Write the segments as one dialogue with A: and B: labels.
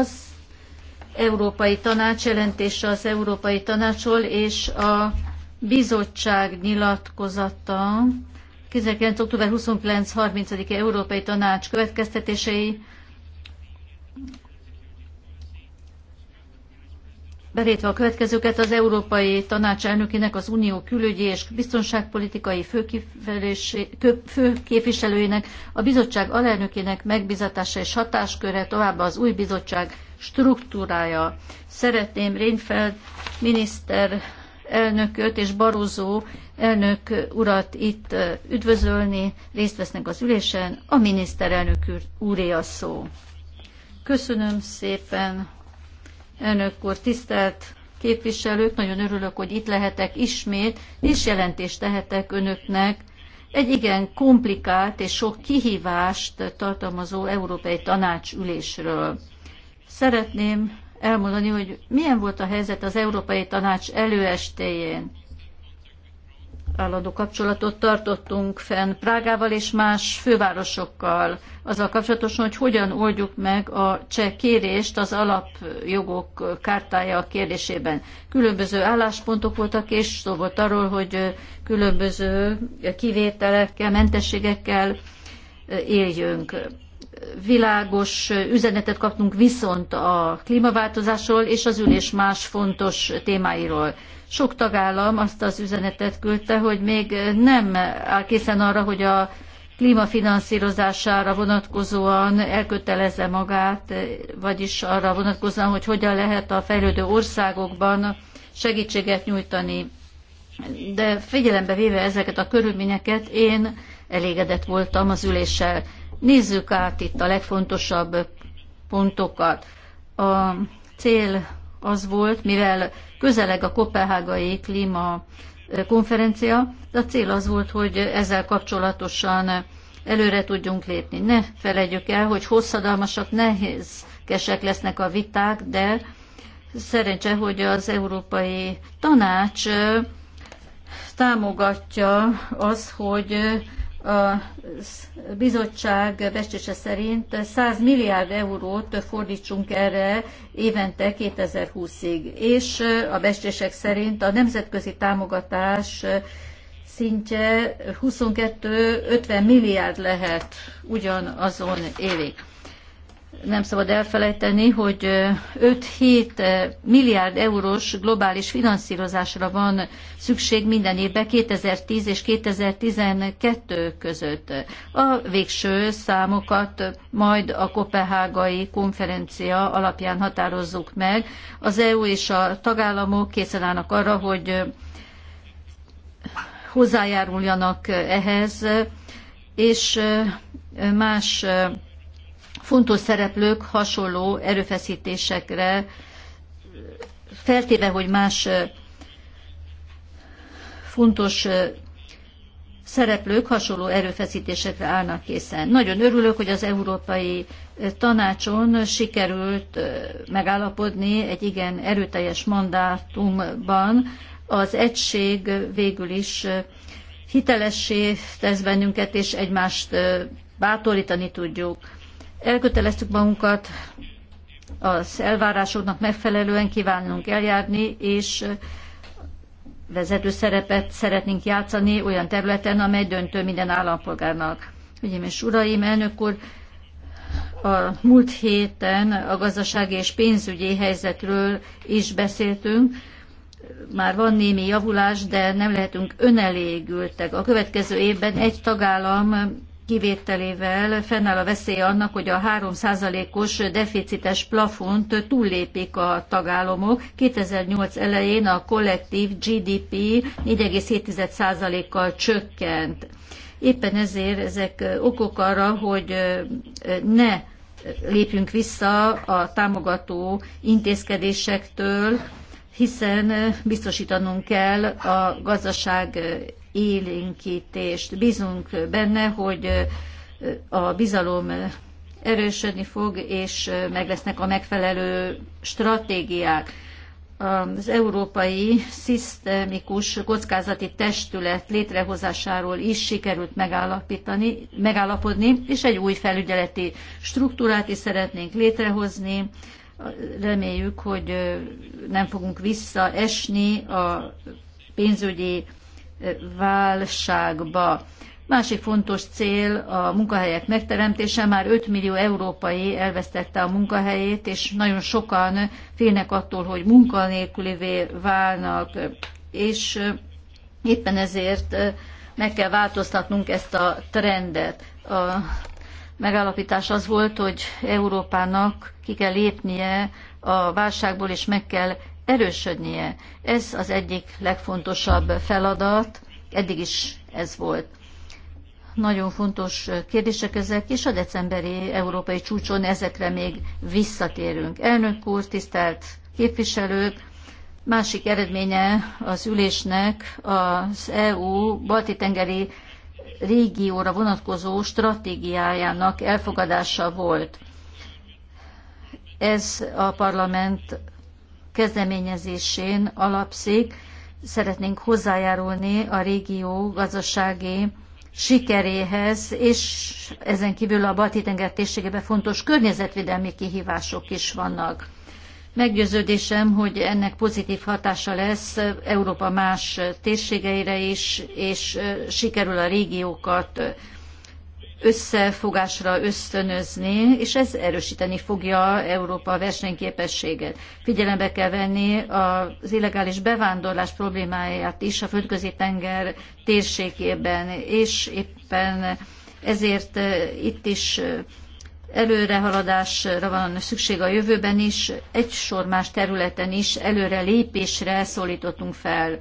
A: az Európai Tanács jelentése az Európai Tanácsról és a bizottság nyilatkozata 19. október 29 30 Európai Tanács következtetései belétve a következőket az Európai Tanács elnökének, az Unió külügyi és biztonságpolitikai főképviselőjének, a bizottság alelnökének megbizatása és hatásköre, továbbá az új bizottság struktúrája. Szeretném Rényfeld miniszter elnököt és Barozó elnök urat itt üdvözölni, részt vesznek az ülésen, a miniszterelnök úré a szó. Köszönöm szépen, elnök úr, tisztelt képviselők, nagyon örülök, hogy itt lehetek ismét, és jelentést tehetek önöknek egy igen komplikált és sok kihívást tartalmazó Európai Tanács ülésről. Szeretném elmondani, hogy milyen volt a helyzet az Európai Tanács előestéjén állandó kapcsolatot tartottunk fenn Prágával és más fővárosokkal azzal kapcsolatosan, hogy hogyan oldjuk meg a cseh kérést az alapjogok kártája kérdésében. Különböző álláspontok voltak, és szó volt arról, hogy különböző kivételekkel, mentességekkel éljünk. Világos üzenetet kaptunk viszont a klímaváltozásról és az ülés más fontos témáiról. Sok tagállam azt az üzenetet küldte, hogy még nem áll készen arra, hogy a klímafinanszírozására vonatkozóan elkötelezze magát, vagyis arra vonatkozóan, hogy hogyan lehet a fejlődő országokban segítséget nyújtani. De figyelembe véve ezeket a körülményeket, én elégedett voltam az üléssel. Nézzük át itt a legfontosabb pontokat. A cél az volt, mivel közeleg a kopenhágai klíma konferencia, de a cél az volt, hogy ezzel kapcsolatosan előre tudjunk lépni. Ne felejtjük el, hogy hosszadalmasak, nehézkesek lesznek a viták, de szerencse, hogy az Európai Tanács támogatja az, hogy a bizottság becsése szerint 100 milliárd eurót fordítsunk erre évente 2020-ig, és a becslések szerint a nemzetközi támogatás szintje 22-50 milliárd lehet ugyanazon évig nem szabad elfelejteni, hogy 5-7 milliárd eurós globális finanszírozásra van szükség minden évben 2010 és 2012 között. A végső számokat majd a Kopenhágai konferencia alapján határozzuk meg. Az EU és a tagállamok készen állnak arra, hogy hozzájáruljanak ehhez, és más fontos szereplők hasonló erőfeszítésekre, feltéve, hogy más fontos szereplők hasonló erőfeszítésekre állnak készen. Nagyon örülök, hogy az Európai Tanácson sikerült megállapodni egy igen erőteljes mandátumban. Az egység végül is hitelessé tesz bennünket, és egymást bátorítani tudjuk. Elköteleztük magunkat, az elvárásoknak megfelelően kívánunk eljárni, és vezető szerepet szeretnénk játszani olyan területen, amely döntő minden állampolgárnak. Ügyeim és uraim, elnök úr, a múlt héten a gazdasági és pénzügyi helyzetről is beszéltünk. Már van némi javulás, de nem lehetünk önelégültek. A következő évben egy tagállam kivételével fennáll a veszély annak, hogy a 3%-os deficites plafont túllépik a tagállamok. 2008 elején a kollektív GDP 4,7%-kal csökkent. Éppen ezért ezek okok arra, hogy ne lépjünk vissza a támogató intézkedésektől, hiszen biztosítanunk kell a gazdaság élénkítést. Bízunk benne, hogy a bizalom erősödni fog, és meg lesznek a megfelelő stratégiák. Az Európai Szisztemikus Kockázati Testület létrehozásáról is sikerült megállapítani, megállapodni, és egy új felügyeleti struktúrát is szeretnénk létrehozni. Reméljük, hogy nem fogunk visszaesni a pénzügyi válságba. Másik fontos cél a munkahelyek megteremtése. Már 5 millió európai elvesztette a munkahelyét, és nagyon sokan félnek attól, hogy munkanélkülivé válnak, és éppen ezért meg kell változtatnunk ezt a trendet. A megállapítás az volt, hogy Európának ki kell lépnie a válságból, és meg kell erősödnie. Ez az egyik legfontosabb feladat, eddig is ez volt. Nagyon fontos kérdések ezek, és a decemberi európai csúcson ezekre még visszatérünk. Elnök úr, tisztelt képviselők, másik eredménye az ülésnek az EU balti-tengeri régióra vonatkozó stratégiájának elfogadása volt. Ez a parlament kezdeményezésén alapszik. Szeretnénk hozzájárulni a régió gazdasági sikeréhez, és ezen kívül a Balti-tenger térségében fontos környezetvédelmi kihívások is vannak. Meggyőződésem, hogy ennek pozitív hatása lesz Európa más térségeire is, és sikerül a régiókat összefogásra ösztönözni, és ez erősíteni fogja Európa versenyképességet. Figyelembe kell venni az illegális bevándorlás problémáját is a földközi-tenger térségében, és éppen ezért eh, itt is eh, előrehaladásra van szükség a jövőben is, egy sor más területen is előre lépésre szólítottunk fel.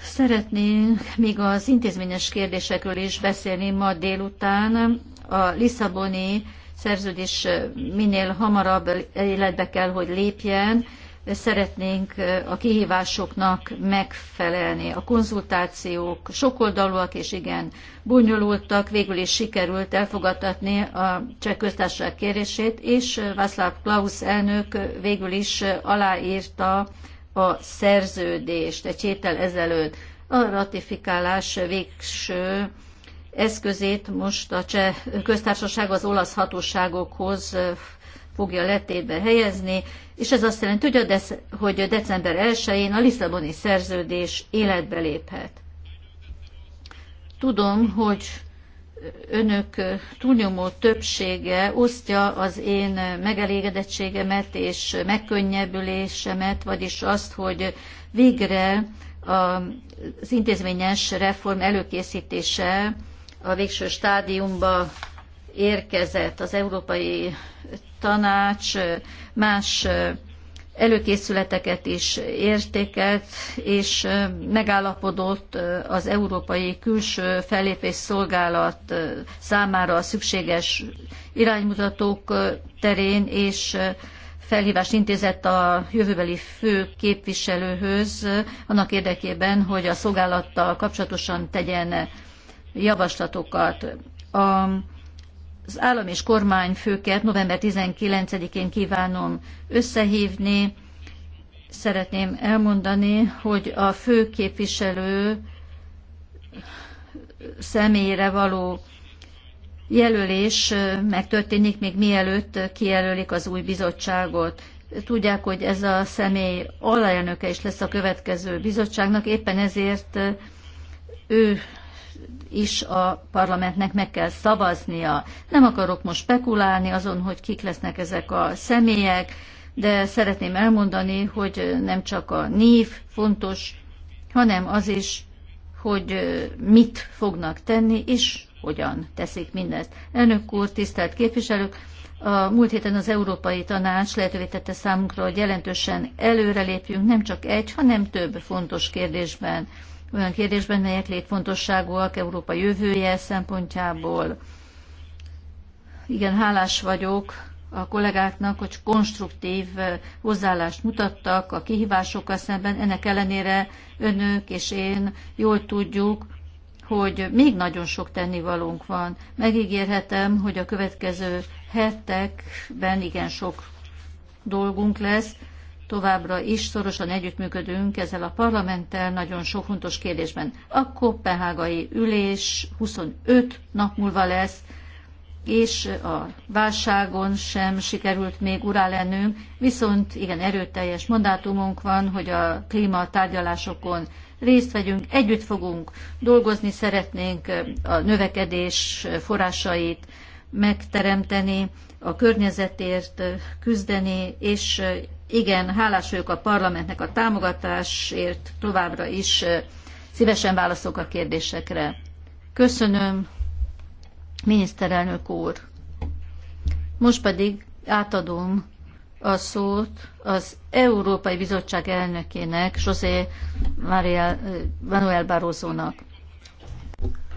A: Szeretnénk még az intézményes kérdésekről is beszélni ma délután. A Lisszaboni szerződés minél hamarabb életbe kell, hogy lépjen. Szeretnénk a kihívásoknak megfelelni. A konzultációk sokoldalúak és igen bonyolultak. Végül is sikerült elfogadtatni a cseh köztársaság kérését, és Václav Klaus elnök végül is aláírta a szerződést egy héttel ezelőtt. A ratifikálás végső eszközét most a cseh köztársaság az olasz hatóságokhoz fogja letétbe helyezni, és ez azt jelenti, hogy, a dec- hogy december 1-én a Lisszaboni szerződés életbe léphet. Tudom, hogy önök túlnyomó többsége osztja az én megelégedettségemet és megkönnyebbülésemet, vagyis azt, hogy végre az intézményes reform előkészítése a végső stádiumba érkezett az Európai Tanács más előkészületeket is értékelt, és megállapodott az Európai Külső Fellépés Szolgálat számára a szükséges iránymutatók terén, és felhívást intézett a jövőbeli fő képviselőhöz annak érdekében, hogy a szolgálattal kapcsolatosan tegyen javaslatokat. A az állam és kormányfőket november 19-én kívánom összehívni. Szeretném elmondani, hogy a főképviselő képviselő személyre való jelölés megtörténik, még mielőtt kijelölik az új bizottságot. Tudják, hogy ez a személy alelnöke is lesz a következő bizottságnak, éppen ezért ő is a parlamentnek meg kell szavaznia. Nem akarok most spekulálni azon, hogy kik lesznek ezek a személyek, de szeretném elmondani, hogy nem csak a név fontos, hanem az is, hogy mit fognak tenni, és hogyan teszik mindezt. Elnök úr, tisztelt képviselők! A múlt héten az Európai Tanács lehetővé tette számunkra, hogy jelentősen előrelépjünk nem csak egy, hanem több fontos kérdésben olyan kérdésben, melyek létfontosságúak Európa jövője szempontjából. Igen, hálás vagyok a kollégáknak, hogy konstruktív eh, hozzáállást mutattak a kihívásokkal szemben. Ennek ellenére önök és én jól tudjuk, hogy még nagyon sok tennivalónk van. Megígérhetem, hogy a következő hetekben igen sok dolgunk lesz, továbbra is szorosan együttműködünk ezzel a parlamenttel nagyon sok fontos kérdésben. A kopenhágai ülés 25 nap múlva lesz, és a válságon sem sikerült még urá lennünk, viszont igen erőteljes mandátumunk van, hogy a klímatárgyalásokon részt vegyünk, együtt fogunk dolgozni, szeretnénk a növekedés forrásait megteremteni, a környezetért küzdeni, és igen, hálás vagyok a parlamentnek a támogatásért, továbbra is szívesen válaszolok a kérdésekre. Köszönöm, miniszterelnök úr. Most pedig átadom a szót az Európai Bizottság elnökének, José Maria Manuel Barroso-nak.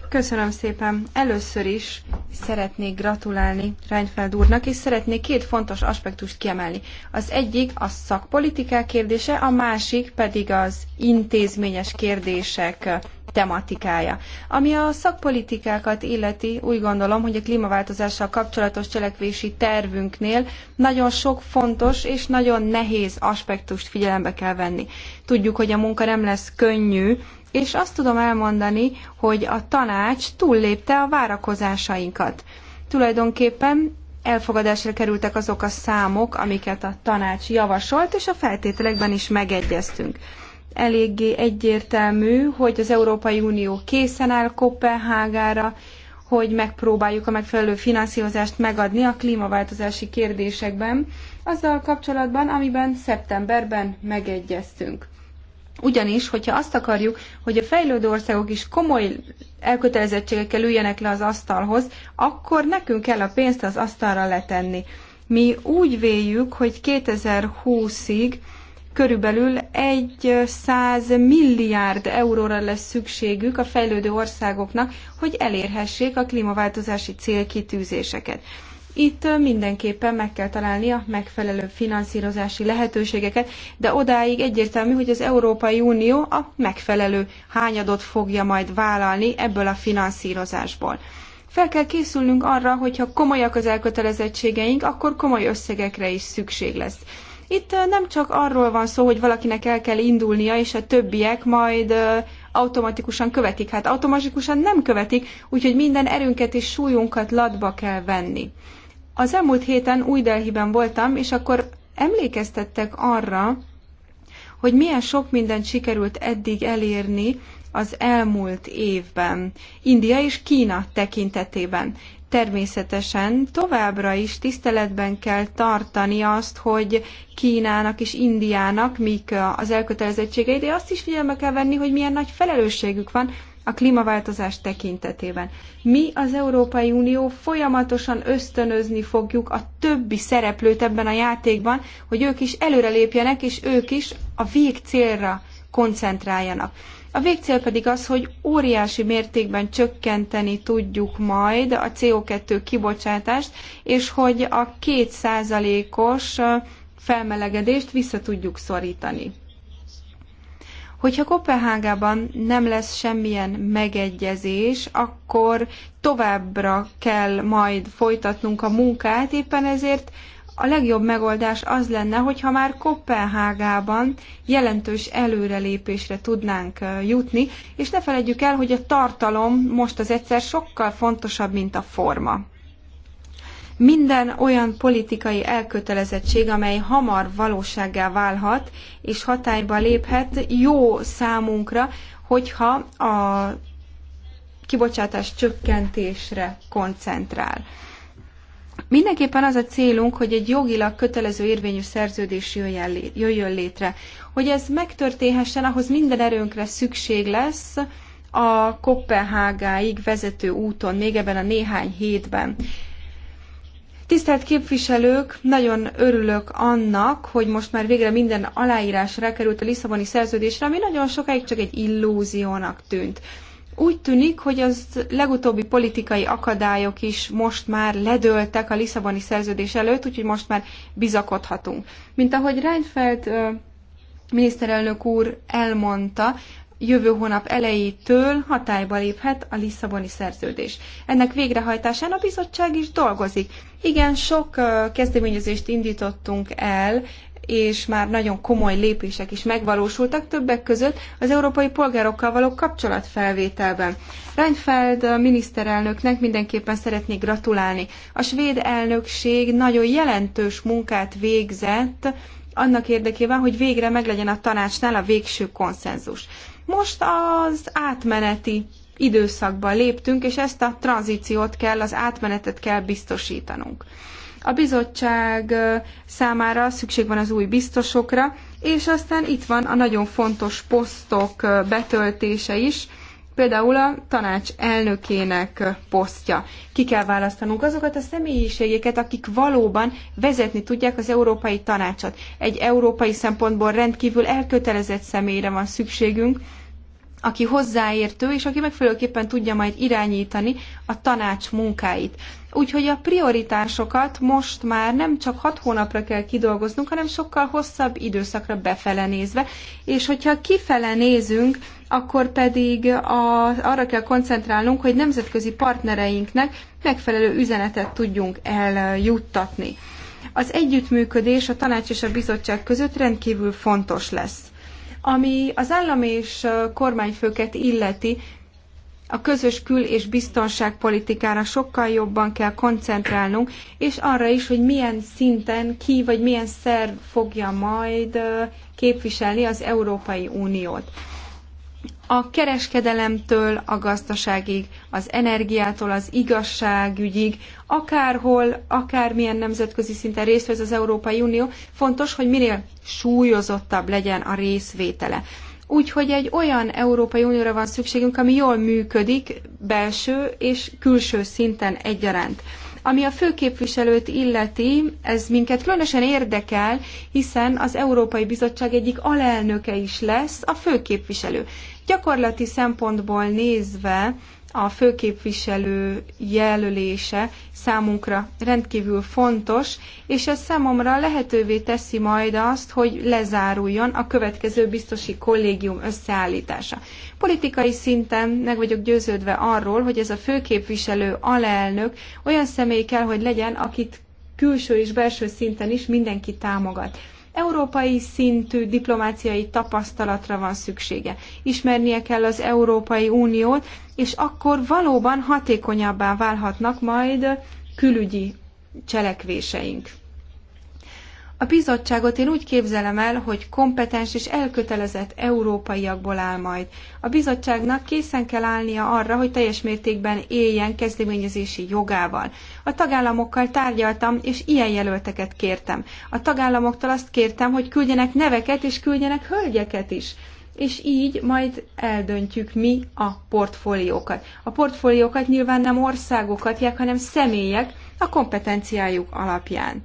A: Köszönöm szépen. Először
B: is szeretnék gratulálni Reinfeld úrnak, és szeretnék két fontos aspektust kiemelni. Az egyik a szakpolitikák kérdése, a másik pedig az intézményes kérdések tematikája. Ami a szakpolitikákat illeti, úgy gondolom, hogy a klímaváltozással kapcsolatos cselekvési tervünknél nagyon sok fontos és nagyon nehéz aspektust figyelembe kell venni. Tudjuk, hogy a munka nem lesz könnyű, és azt tudom elmondani, hogy a tanács túllépte a várakozásainkat. Tulajdonképpen elfogadásra kerültek azok a számok, amiket a tanács javasolt, és a feltételekben is megegyeztünk. Eléggé egyértelmű, hogy az Európai Unió készen áll Kopenhágára, hogy megpróbáljuk a megfelelő finanszírozást megadni a klímaváltozási kérdésekben, azzal kapcsolatban, amiben szeptemberben megegyeztünk. Ugyanis, hogyha azt akarjuk, hogy a fejlődő országok is komoly elkötelezettségekkel üljenek le az asztalhoz, akkor nekünk kell a pénzt az asztalra letenni. Mi úgy véljük, hogy 2020-ig körülbelül 100 milliárd euróra lesz szükségük a fejlődő országoknak, hogy elérhessék a klímaváltozási célkitűzéseket. Itt mindenképpen meg kell találni a megfelelő finanszírozási lehetőségeket, de odáig egyértelmű, hogy az Európai Unió a megfelelő hányadot fogja majd vállalni ebből a finanszírozásból. Fel kell készülnünk arra, hogyha komolyak az elkötelezettségeink, akkor komoly összegekre is szükség lesz. Itt nem csak arról van szó, hogy valakinek el kell indulnia, és a többiek majd automatikusan követik. Hát automatikusan nem követik, úgyhogy minden erőnket és súlyunkat latba kell venni. Az elmúlt héten új Delhiben voltam, és akkor emlékeztettek arra, hogy milyen sok mindent sikerült eddig elérni az elmúlt évben, India és Kína tekintetében. Természetesen továbbra is tiszteletben kell tartani azt, hogy Kínának és Indiának mik az elkötelezettségei, de azt is figyelme kell venni, hogy milyen nagy felelősségük van a klímaváltozás tekintetében. Mi az Európai Unió folyamatosan ösztönözni fogjuk a többi szereplőt ebben a játékban, hogy ők is előrelépjenek, és ők is a végcélra koncentráljanak. A végcél pedig az, hogy óriási mértékben csökkenteni tudjuk majd a CO2 kibocsátást, és hogy a kétszázalékos felmelegedést vissza tudjuk szorítani. Hogyha Kopenhágában nem lesz semmilyen megegyezés, akkor továbbra kell majd folytatnunk a munkát, éppen ezért a legjobb megoldás az lenne, hogyha már Kopenhágában jelentős előrelépésre tudnánk jutni, és ne felejtjük el, hogy a tartalom most az egyszer sokkal fontosabb, mint a forma minden olyan politikai elkötelezettség, amely hamar valósággá válhat és hatályba léphet, jó számunkra, hogyha a kibocsátás csökkentésre koncentrál. Mindenképpen az a célunk, hogy egy jogilag kötelező érvényű szerződés jöjjön létre. Hogy ez megtörténhessen, ahhoz minden erőnkre szükség lesz a Kopenhágáig vezető úton, még ebben a néhány hétben. Tisztelt képviselők, nagyon örülök annak, hogy most már végre minden aláírásra került a Lisszaboni szerződésre, ami nagyon sokáig csak egy illúziónak tűnt. Úgy tűnik, hogy az legutóbbi politikai akadályok is most már ledöltek a Lisszaboni szerződés előtt, úgyhogy most már bizakodhatunk. Mint ahogy Reinfeldt miniszterelnök úr elmondta, jövő hónap elejétől hatályba léphet a Lisszaboni szerződés. Ennek végrehajtásán a bizottság is dolgozik. Igen, sok kezdeményezést indítottunk el, és már nagyon komoly lépések is megvalósultak többek között az európai polgárokkal való kapcsolatfelvételben. Reinfeld miniszterelnöknek mindenképpen szeretnék gratulálni. A svéd elnökség nagyon jelentős munkát végzett annak érdekében, hogy végre meglegyen a tanácsnál a végső konszenzus. Most az átmeneti időszakba léptünk, és ezt a tranzíciót kell, az átmenetet kell biztosítanunk. A bizottság számára szükség van az új biztosokra, és aztán itt van a nagyon fontos posztok betöltése is, például a tanács elnökének posztja. Ki kell választanunk azokat a személyiségeket, akik valóban vezetni tudják az Európai Tanácsot. Egy európai szempontból rendkívül elkötelezett személyre van szükségünk, aki hozzáértő, és aki megfelelőképpen tudja majd irányítani a tanács munkáit. Úgyhogy a prioritásokat most már nem csak hat hónapra kell kidolgoznunk, hanem sokkal hosszabb időszakra befele nézve. És hogyha kifele nézünk, akkor pedig a, arra kell koncentrálnunk, hogy nemzetközi partnereinknek megfelelő üzenetet tudjunk eljuttatni. Az együttműködés a tanács és a bizottság között rendkívül fontos lesz. Ami az állam és kormányfőket illeti, a közös kül- és biztonságpolitikára sokkal jobban kell koncentrálnunk, és arra is, hogy milyen szinten ki vagy milyen szerv fogja majd képviselni az Európai Uniót a kereskedelemtől a gazdaságig, az energiától az igazságügyig, akárhol, akármilyen nemzetközi szinten részt vesz az Európai Unió, fontos, hogy minél súlyozottabb legyen a részvétele. Úgyhogy egy olyan Európai Unióra van szükségünk, ami jól működik belső és külső szinten egyaránt. Ami a főképviselőt illeti, ez minket különösen érdekel, hiszen az Európai Bizottság egyik alelnöke is lesz a főképviselő. Gyakorlati szempontból nézve a főképviselő jelölése számunkra rendkívül fontos, és ez számomra lehetővé teszi majd azt, hogy lezáruljon a következő biztosi kollégium összeállítása. Politikai szinten meg vagyok győződve arról, hogy ez a főképviselő alelnök olyan személy kell, hogy legyen, akit külső és belső szinten is mindenki támogat európai szintű diplomáciai tapasztalatra van szüksége. Ismernie kell az Európai Uniót, és akkor valóban hatékonyabbá válhatnak majd külügyi cselekvéseink. A bizottságot én úgy képzelem el, hogy kompetens és elkötelezett európaiakból áll majd. A bizottságnak készen kell állnia arra, hogy teljes mértékben éljen kezdeményezési jogával. A tagállamokkal tárgyaltam, és ilyen jelölteket kértem. A tagállamoktól azt kértem, hogy küldjenek neveket és küldjenek hölgyeket is és így majd eldöntjük mi a portfóliókat. A portfóliókat nyilván nem országok adják, hanem személyek a kompetenciájuk alapján.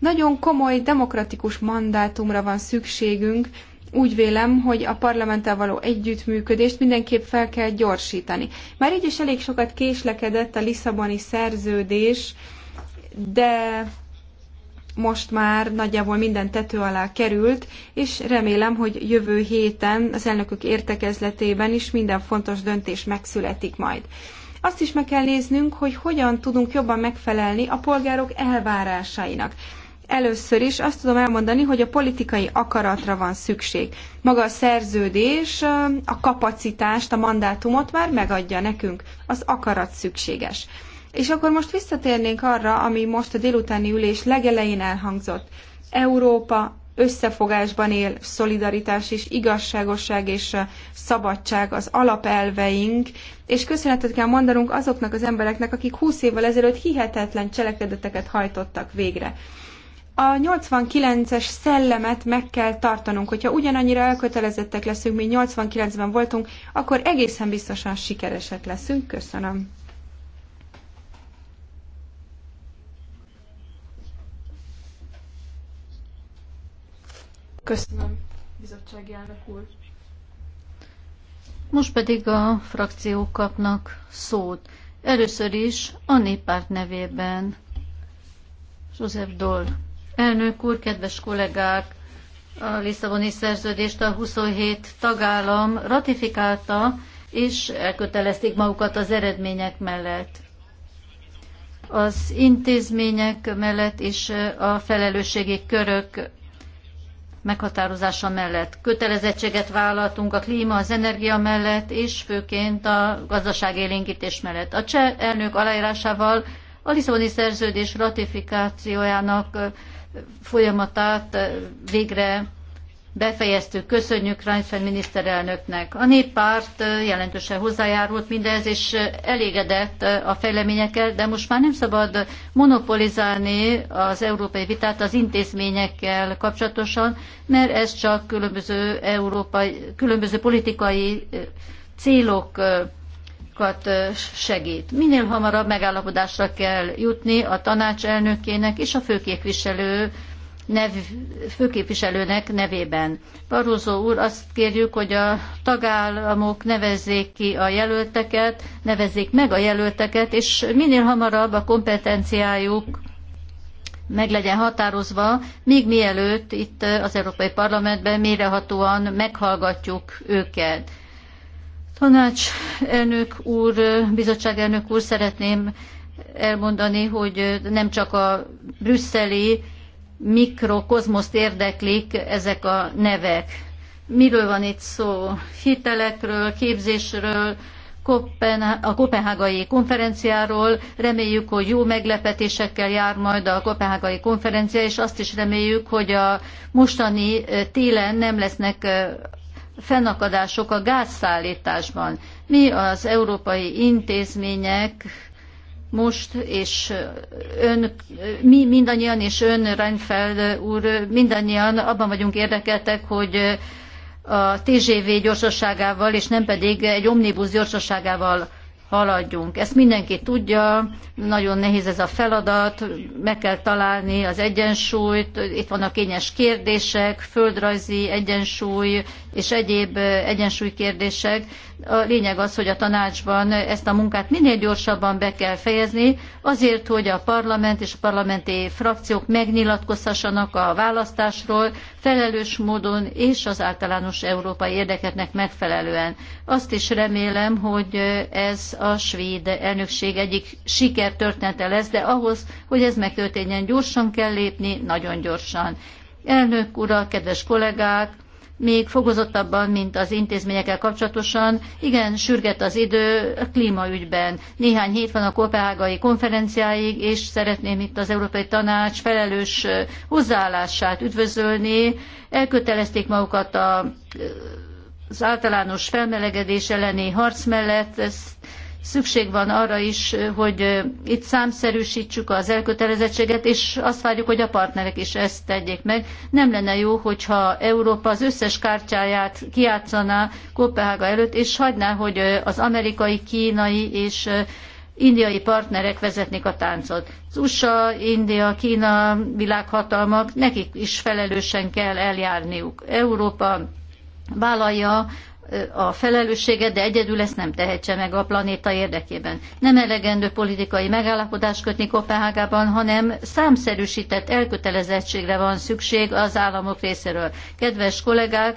B: Nagyon komoly demokratikus mandátumra van szükségünk, úgy vélem, hogy a parlamenttel való együttműködést mindenképp fel kell gyorsítani. Már így is elég sokat késlekedett a Lisszaboni szerződés, de most már nagyjából minden tető alá került, és remélem, hogy jövő héten az elnökök értekezletében is minden fontos döntés megszületik majd. Azt is meg kell néznünk, hogy hogyan tudunk jobban megfelelni a polgárok elvárásainak Először is azt tudom elmondani, hogy a politikai akaratra van szükség. Maga a szerződés a kapacitást, a mandátumot már megadja nekünk. Az akarat szükséges. És akkor most visszatérnénk arra, ami most a délutáni ülés legelején elhangzott. Európa összefogásban él, szolidaritás és igazságosság és szabadság az alapelveink, és köszönetet kell mondanunk azoknak az embereknek, akik 20 évvel ezelőtt hihetetlen cselekedeteket hajtottak végre a 89-es szellemet meg kell tartanunk. Hogyha ugyanannyira elkötelezettek leszünk, mint 89-ben voltunk, akkor egészen biztosan sikeresek leszünk. Köszönöm.
A: Köszönöm,
C: bizottsági elnök úr.
A: Most pedig a frakciók kapnak szót. Először is a néppárt nevében József Dole. Elnök úr, kedves kollégák! A Lisszaboni szerződést a 27 tagállam ratifikálta, és elkötelezték magukat az eredmények mellett. Az intézmények mellett és a felelősségi körök meghatározása mellett. Kötelezettséget vállaltunk a klíma, az energia mellett, és főként a gazdaságélénkítés mellett. A cseh elnök aláírásával a Lisszaboni szerződés ratifikációjának folyamatát eh, végre befejeztük. Köszönjük Reinfeldt miniszterelnöknek. A néppárt eh, jelentősen hozzájárult mindez, és eh, elégedett a fejleményekkel, de most már nem szabad monopolizálni az európai vitát az intézményekkel kapcsolatosan, mert ez csak különböző, európai, különböző politikai célok sokat segít. Minél hamarabb megállapodásra kell jutni a tanács elnökének és a főképviselő nev, főképviselőnek nevében. Barroso úr, azt kérjük, hogy a tagállamok nevezzék ki a jelölteket, nevezzék meg a jelölteket, és minél hamarabb a kompetenciájuk meg legyen határozva, még mielőtt itt az Európai Parlamentben mérehatóan meghallgatjuk őket. Tanács elnök úr, bizottság elnök úr, szeretném elmondani, hogy nem csak a brüsszeli mikrokozmoszt érdeklik ezek a nevek. Miről van itt szó? Hitelekről, képzésről, a kopenhágai konferenciáról. Reméljük, hogy jó meglepetésekkel jár majd a kopenhágai konferencia, és azt is reméljük, hogy a mostani télen nem lesznek fennakadások a gázszállításban. Mi az európai intézmények most, és ön, mi mindannyian, és ön Reinfeld úr, mindannyian abban vagyunk érdekeltek, hogy a TGV gyorsaságával, és nem pedig egy omnibus gyorsaságával haladjunk. Ezt mindenki tudja, nagyon nehéz ez a feladat, meg kell találni az egyensúlyt, itt vannak kényes kérdések, földrajzi egyensúly, és egyéb egyensúlykérdések. A lényeg az, hogy a tanácsban ezt a munkát minél gyorsabban be kell fejezni, azért, hogy a parlament és a parlamenti frakciók megnyilatkozhassanak a választásról felelős módon és az általános európai érdekeknek megfelelően. Azt is remélem, hogy ez a svéd elnökség egyik sikertörténete lesz, de ahhoz, hogy ez megtörténjen, gyorsan kell lépni, nagyon gyorsan. Elnök ura, kedves kollégák, még fokozottabban, mint az intézményekkel kapcsolatosan. Igen, sürget az idő a klímaügyben. Néhány hét van a kopenhágai konferenciáig, és szeretném itt az Európai Tanács felelős hozzáállását üdvözölni. Elkötelezték magukat a, az általános felmelegedés elleni harc mellett, ezt szükség van arra is, hogy itt számszerűsítsük az elkötelezettséget, és azt várjuk, hogy a partnerek is ezt tegyék meg. Nem lenne jó, hogyha Európa az összes kártyáját kiátszaná Kopenhága előtt, és hagyná, hogy az amerikai, kínai és indiai partnerek vezetnék a táncot. Az USA, India, Kína világhatalmak, nekik is felelősen kell eljárniuk. Európa vállalja a felelősséget, de egyedül ezt nem tehetse meg a planéta érdekében. Nem elegendő politikai megállapodást kötni Kopenhágában, hanem számszerűsített elkötelezettségre van szükség az államok részéről. Kedves kollégák,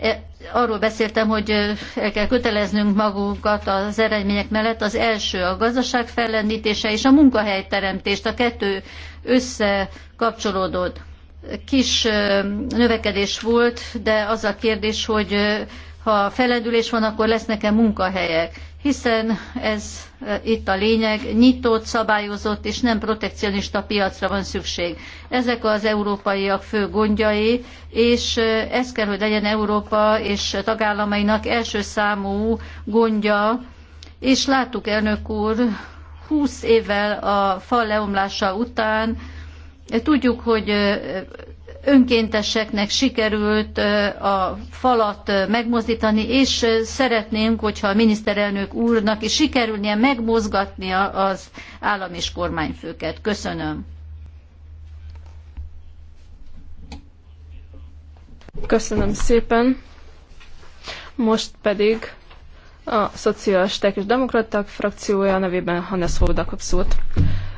A: e, arról beszéltem, hogy el kell köteleznünk magunkat az eredmények mellett. Az első a gazdaság fellendítése és a munkahelyteremtést, a kettő összekapcsolódott. Kis növekedés volt, de az a kérdés, hogy ha felendülés van, akkor lesznek-e munkahelyek, hiszen ez e, itt a lényeg, nyitott, szabályozott és nem protekcionista piacra van szükség. Ezek az európaiak fő gondjai, és e, ez kell, hogy legyen Európa és tagállamainak első számú gondja, és láttuk, elnök úr, 20 évvel a fal leomlása után, e, tudjuk, hogy önkénteseknek sikerült a falat megmozdítani, és szeretnénk, hogyha a miniszterelnök úrnak is sikerülnie megmozgatnia az állam és kormányfőket. Köszönöm. Köszönöm szépen. Most pedig
C: a Szocialisták és Demokraták frakciója nevében Hannes Hóda kap szót.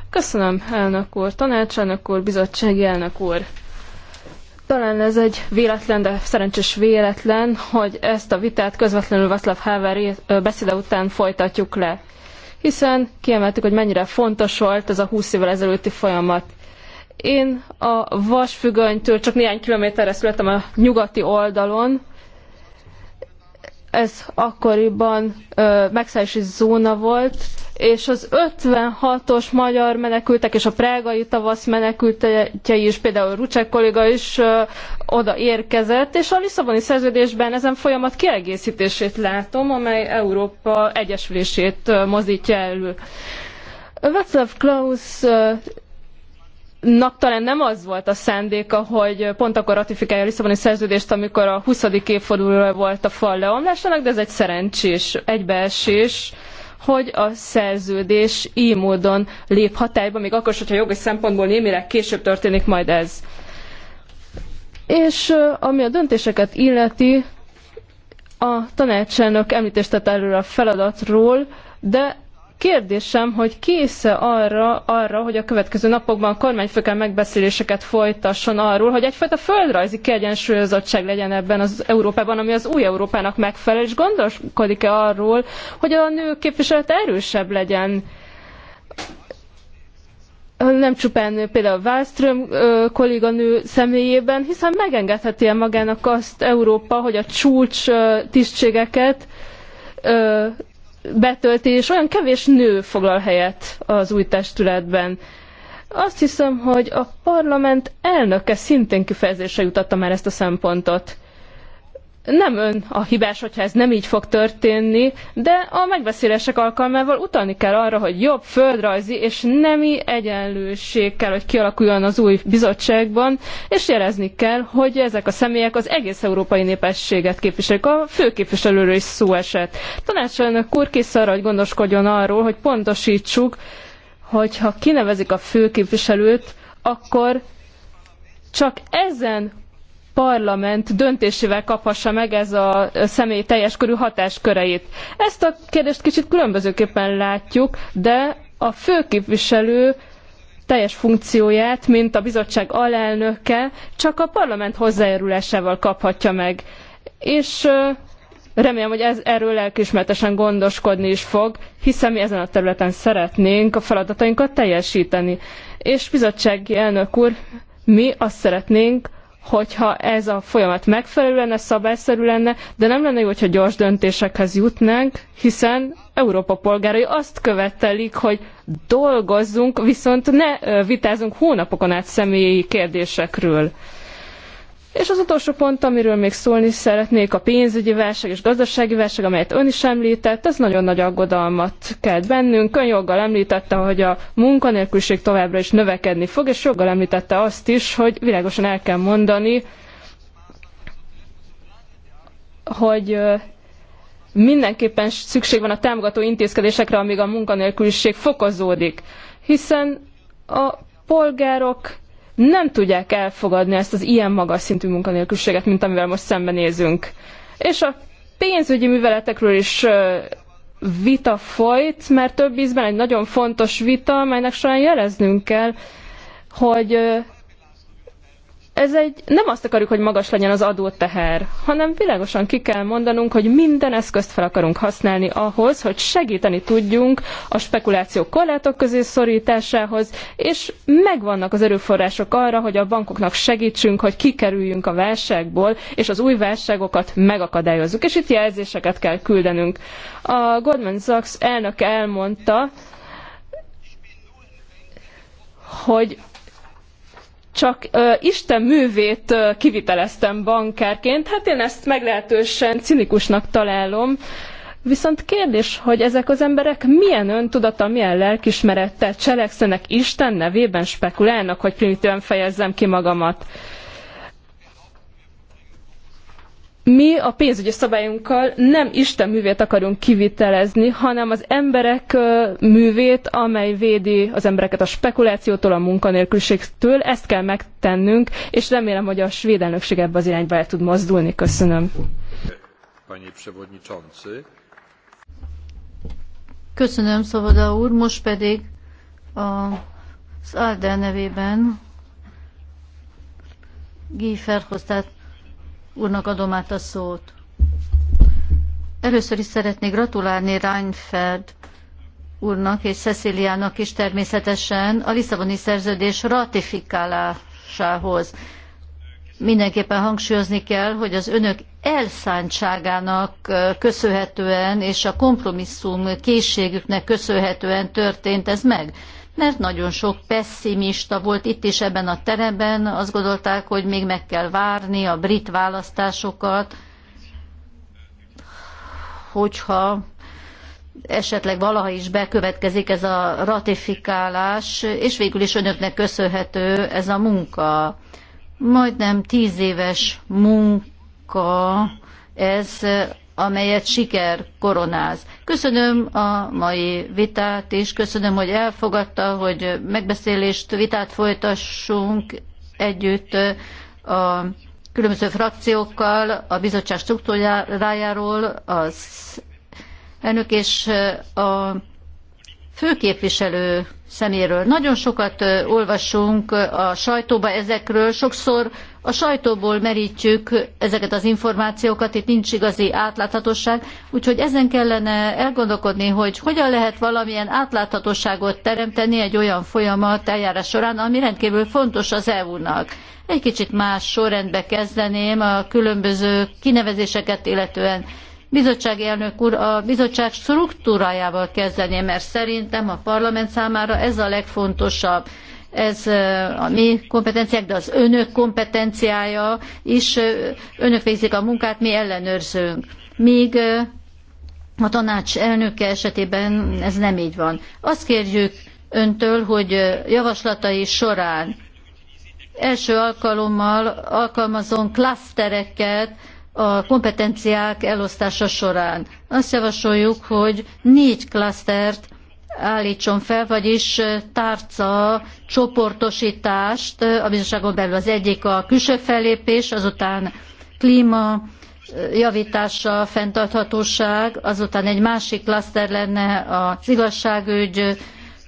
C: Köszönöm, elnök úr, tanácselnök úr, bizottsági elnök úr. Talán ez egy véletlen, de szerencsés véletlen, hogy ezt a vitát közvetlenül Václav Havel beszéde után folytatjuk le. Hiszen kiemeltük, hogy mennyire fontos volt ez a 20 évvel ezelőtti folyamat. Én a vasfüggönytől csak néhány kilométerre születtem a nyugati oldalon, ez akkoriban megszállási zóna volt, és az 56-os magyar menekültek és a prágai tavasz menekültjei is, például Rucsek kolléga is ö, oda érkezett, és a Lisszaboni szerződésben ezen folyamat kiegészítését látom, amely Európa egyesülését ö, mozdítja elő. Václav Klaus nak talán nem az volt a szándéka, hogy pont akkor ratifikálja a Lisszaboni szerződést, amikor a 20. évfordulóra volt a fal leomlásának, de ez egy szerencsés egybeesés, hogy a szerződés így módon lép hatályba, még akkor is, hogyha jogi szempontból némileg később történik majd ez. És ami a döntéseket illeti, a tanácselnök említést tett erről a feladatról, de Kérdésem, hogy késze arra, arra, hogy a következő napokban a kormányfőkkel megbeszéléseket folytasson arról, hogy egyfajta földrajzi kiegyensúlyozottság legyen ebben az Európában, ami az új Európának megfelel, és gondoskodik-e arról, hogy a nők képviselete erősebb legyen? nem csupán például Wallström kolléganő személyében, hiszen megengedheti -e magának azt Európa, hogy a csúcs tisztségeket betölti, és olyan kevés nő foglal helyet az új testületben. Azt hiszem, hogy a parlament elnöke szintén kifejezésre jutatta már ezt a szempontot nem ön a hibás, hogyha ez nem így fog történni, de a megbeszélések alkalmával utalni kell arra, hogy jobb földrajzi és nemi egyenlőség kell, hogy kialakuljon az új bizottságban, és jelezni kell, hogy ezek a személyek az egész európai népességet képviselik. A főképviselőről is szó esett. Tanácselnök úr kész arra, hogy gondoskodjon arról, hogy pontosítsuk, hogyha kinevezik a főképviselőt, akkor csak ezen parlament döntésével kaphassa meg ez a személy teljes körű hatásköreit. Ezt a kérdést kicsit különbözőképpen látjuk, de a főképviselő teljes funkcióját, mint a bizottság alelnöke, csak a parlament hozzájárulásával kaphatja meg. És remélem, hogy ez, erről lelkismertesen gondoskodni is fog, hiszen mi ezen a területen szeretnénk a feladatainkat teljesíteni. És bizottsági elnök úr, mi azt szeretnénk, hogyha ez a folyamat megfelelő lenne, szabályszerű lenne, de nem lenne jó, hogyha gyors döntésekhez jutnánk, hiszen Európa polgárai azt követelik, hogy dolgozzunk, viszont ne vitázunk hónapokon át személyi kérdésekről. És az utolsó pont, amiről még szólni szeretnék, a pénzügyi válság és gazdasági válság, amelyet ön is említett, ez nagyon nagy aggodalmat kelt bennünk. Ön joggal említette, hogy a munkanélküliség továbbra is növekedni fog, és joggal említette azt is, hogy világosan el kell mondani, hogy mindenképpen szükség van a támogató intézkedésekre, amíg a munkanélküliség fokozódik, hiszen a polgárok nem tudják elfogadni ezt az ilyen magas szintű munkanélküliséget, mint amivel most szembenézünk. És a pénzügyi műveletekről is vita folyt, mert több ízben egy nagyon fontos vita, amelynek során jeleznünk kell, hogy ez egy, nem azt akarjuk, hogy magas legyen az adóteher, hanem világosan ki kell mondanunk, hogy minden eszközt fel akarunk használni ahhoz, hogy segíteni tudjunk a spekuláció korlátok közé szorításához, és megvannak az erőforrások arra, hogy a bankoknak segítsünk, hogy kikerüljünk a válságból, és az új válságokat megakadályozzuk. És itt jelzéseket kell küldenünk. A Goldman Sachs elnök elmondta, hogy csak Isten művét ö, kiviteleztem bankárként. Hát én ezt meglehetősen cinikusnak találom. Viszont kérdés, hogy ezek az emberek milyen öntudata, milyen lelkismerettel cselekszenek Isten nevében, spekulálnak, hogy primitíven fejezzem ki magamat. mi a pénzügyi szabályunkkal nem Isten művét akarunk kivitelezni, hanem az emberek művét, amely védi az embereket a spekulációtól, a munkanélküliségtől. Ezt kell megtennünk, és remélem, hogy a svéd elnökség ebbe az irányba el tud mozdulni. Köszönöm.
A: Köszönöm, Szavoda úr. Most pedig az Alder nevében Guy úrnak adom át a szót. Először is szeretnék gratulálni Reinfeld úrnak és Ceciliának is természetesen a Lisszaboni szerződés ratifikálásához. Mindenképpen hangsúlyozni kell, hogy az önök elszántságának köszönhetően és a kompromisszum készségüknek köszönhetően történt ez meg mert nagyon sok pessimista volt itt is ebben a teremben, azt gondolták, hogy még meg kell várni a brit választásokat, hogyha esetleg valaha is bekövetkezik ez a ratifikálás, és végül is önöknek köszönhető ez a munka. Majdnem tíz éves munka ez amelyet siker koronáz. Köszönöm a mai vitát és köszönöm, hogy elfogadta, hogy megbeszélést, vitát folytassunk együtt a különböző frakciókkal, a bizottság struktúrájáról, az elnök és a főképviselő szeméről. Nagyon sokat olvasunk a sajtóba ezekről, sokszor a sajtóból merítjük ezeket az információkat, itt nincs igazi átláthatóság, úgyhogy ezen kellene elgondolkodni, hogy hogyan lehet valamilyen átláthatóságot teremteni egy olyan folyamat eljárás során, ami rendkívül fontos az EU-nak. Egy kicsit más sorrendbe kezdeném a különböző kinevezéseket illetően bizottsági elnök úr, a bizottság struktúrájával kezdeném, mert szerintem a parlament számára ez a legfontosabb ez a mi kompetenciák, de az önök kompetenciája is, önök végzik a munkát, mi ellenőrzünk. Míg a tanács elnöke esetében ez nem így van. Azt kérjük öntől, hogy javaslatai során első alkalommal alkalmazzon klasztereket, a kompetenciák elosztása során. Azt javasoljuk, hogy négy klasztert állítson fel, vagyis tárca csoportosítást a bizottságon belül. Az egyik a külső fellépés, azután klíma, javítása, fenntarthatóság, azután egy másik klaszter lenne az igazságügy,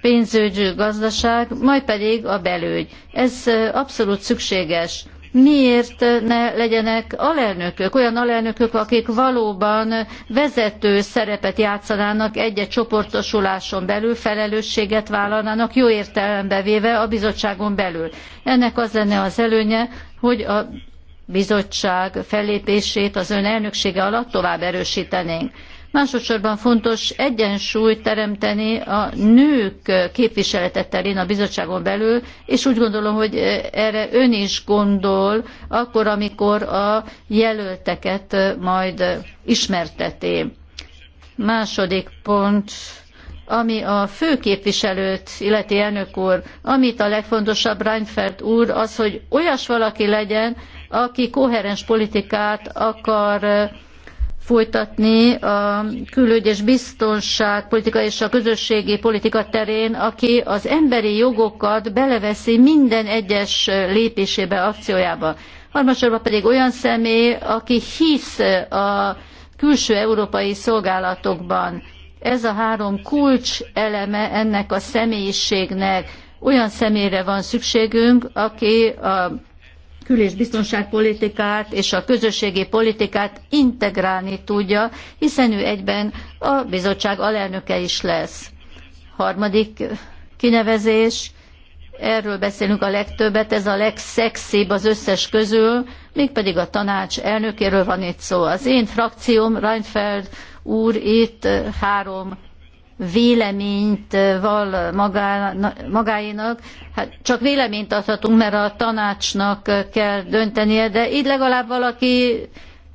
A: pénzügy, gazdaság, majd pedig a belügy. Ez abszolút szükséges miért ne legyenek alelnökök, olyan alelnökök, akik valóban vezető szerepet játszanának egy-egy csoportosuláson belül, felelősséget vállalnának, jó értelembe véve a bizottságon belül. Ennek az lenne az előnye, hogy a bizottság fellépését az ön elnöksége alatt tovább erősítenénk. Másodszorban fontos egyensúlyt teremteni a nők képviseletet terén a bizottságon belül, és úgy gondolom, hogy erre ön is gondol, akkor, amikor a jelölteket majd ismerteti. Második pont, ami a főképviselőt, illeti elnök úr, amit a legfontosabb Reinfeldt úr, az, hogy olyas valaki legyen, aki koherens politikát akar folytatni a külügy és biztonságpolitika és a közösségi politika terén, aki az emberi jogokat beleveszi minden egyes lépésébe, akciójába. Harmadsorban pedig olyan személy, aki hisz a külső európai szolgálatokban. Ez a három kulcs eleme ennek a személyiségnek. Olyan személyre van szükségünk, aki a kül- és biztonságpolitikát és a közösségi politikát integrálni tudja, hiszen ő egyben a bizottság alelnöke is lesz. Harmadik kinevezés, erről beszélünk a legtöbbet, ez a legszexibb az összes közül, mégpedig a tanács elnökéről van itt szó. Az én frakcióm, Reinfeld úr itt eh, három véleményt eh, val magá, magáénak. Hát csak véleményt adhatunk, mert a tanácsnak eh, kell döntenie, de így legalább valaki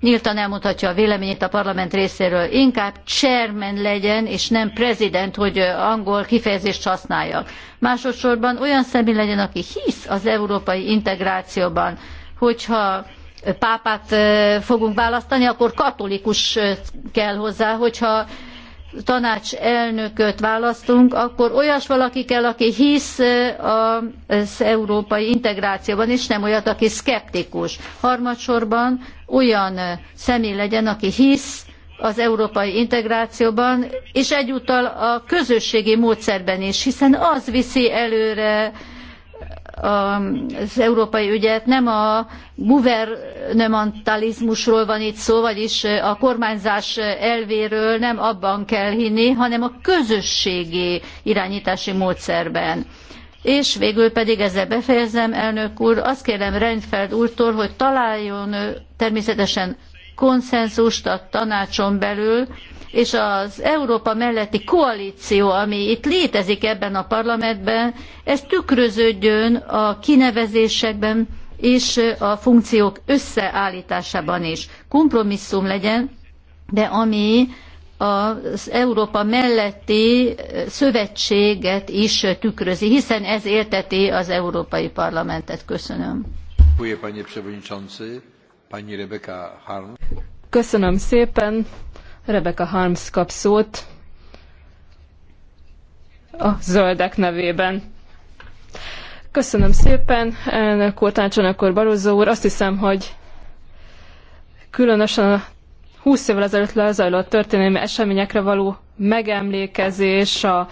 A: nyíltan elmondhatja a véleményét a parlament részéről. Inkább chairman legyen, és nem prezident, hogy eh, angol kifejezést használjak. Másodszorban olyan személy legyen, aki hisz az európai integrációban, hogyha pápát fogunk választani, akkor katolikus kell hozzá, hogyha tanács elnököt választunk, akkor olyas valaki kell, aki hisz az európai integrációban, és nem olyat, aki szkeptikus. Harmadsorban olyan személy legyen, aki hisz az európai integrációban, és egyúttal a közösségi módszerben is, hiszen az viszi előre az európai ügyet. Nem a guvernementalizmusról van itt szó, vagyis a kormányzás elvéről nem abban kell hinni, hanem a közösségi irányítási módszerben. És végül pedig ezzel befejezem, elnök úr, azt kérem Reinfeld úrtól, hogy találjon természetesen konszenzust a tanácson belül, és az Európa melletti koalíció, ami itt létezik ebben a parlamentben, ez tükröződjön a kinevezésekben és a funkciók összeállításában is. Kompromisszum legyen, de ami az Európa melletti szövetséget is tükrözi, hiszen ez érteti az Európai Parlamentet. Köszönöm. Köszönöm szépen. Rebecca Harms
C: kap szót a zöldek nevében. Köszönöm szépen, elnök úr, tanácsanakor Barozó úr. Azt hiszem, hogy különösen a 20 évvel ezelőtt lezajlott történelmi eseményekre való megemlékezés, a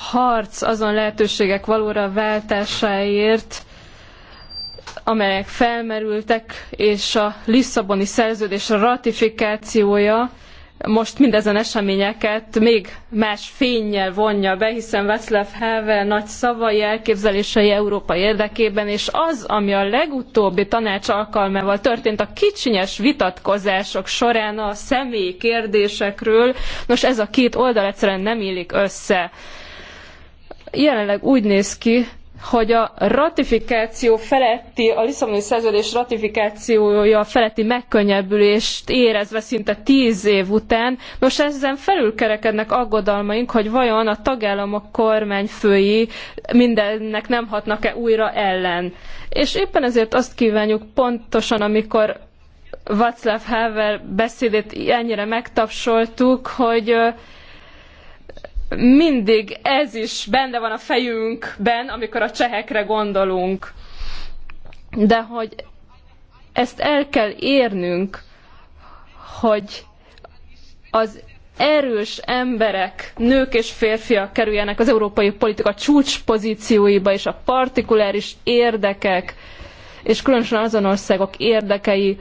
C: harc azon lehetőségek valóra váltásáért, amelyek felmerültek, és a Lisszaboni szerződés a ratifikációja most mindezen eseményeket még más fénnyel vonja be, hiszen Václav Havel nagy szavai elképzelései Európa érdekében, és az, ami a legutóbbi tanács alkalmával történt, a kicsinyes vitatkozások során a személyi kérdésekről, nos ez a két oldal egyszerűen nem illik össze. Jelenleg úgy néz ki, hogy a ratifikáció feletti, a Lisszaboni szerződés ratifikációja feletti megkönnyebbülést érezve szinte tíz év után, nos ezen felülkerekednek aggodalmaink, hogy vajon a tagállamok kormányfői mindennek nem hatnak-e újra ellen. És éppen ezért azt kívánjuk pontosan, amikor Václav Havel beszédét ennyire megtapsoltuk, hogy mindig ez is benne van a fejünkben, amikor a csehekre gondolunk. De hogy ezt el kell érnünk, hogy az erős emberek, nők és férfiak kerüljenek az európai politika csúcspozícióiba, és a partikuláris érdekek, és különösen azon országok érdekei,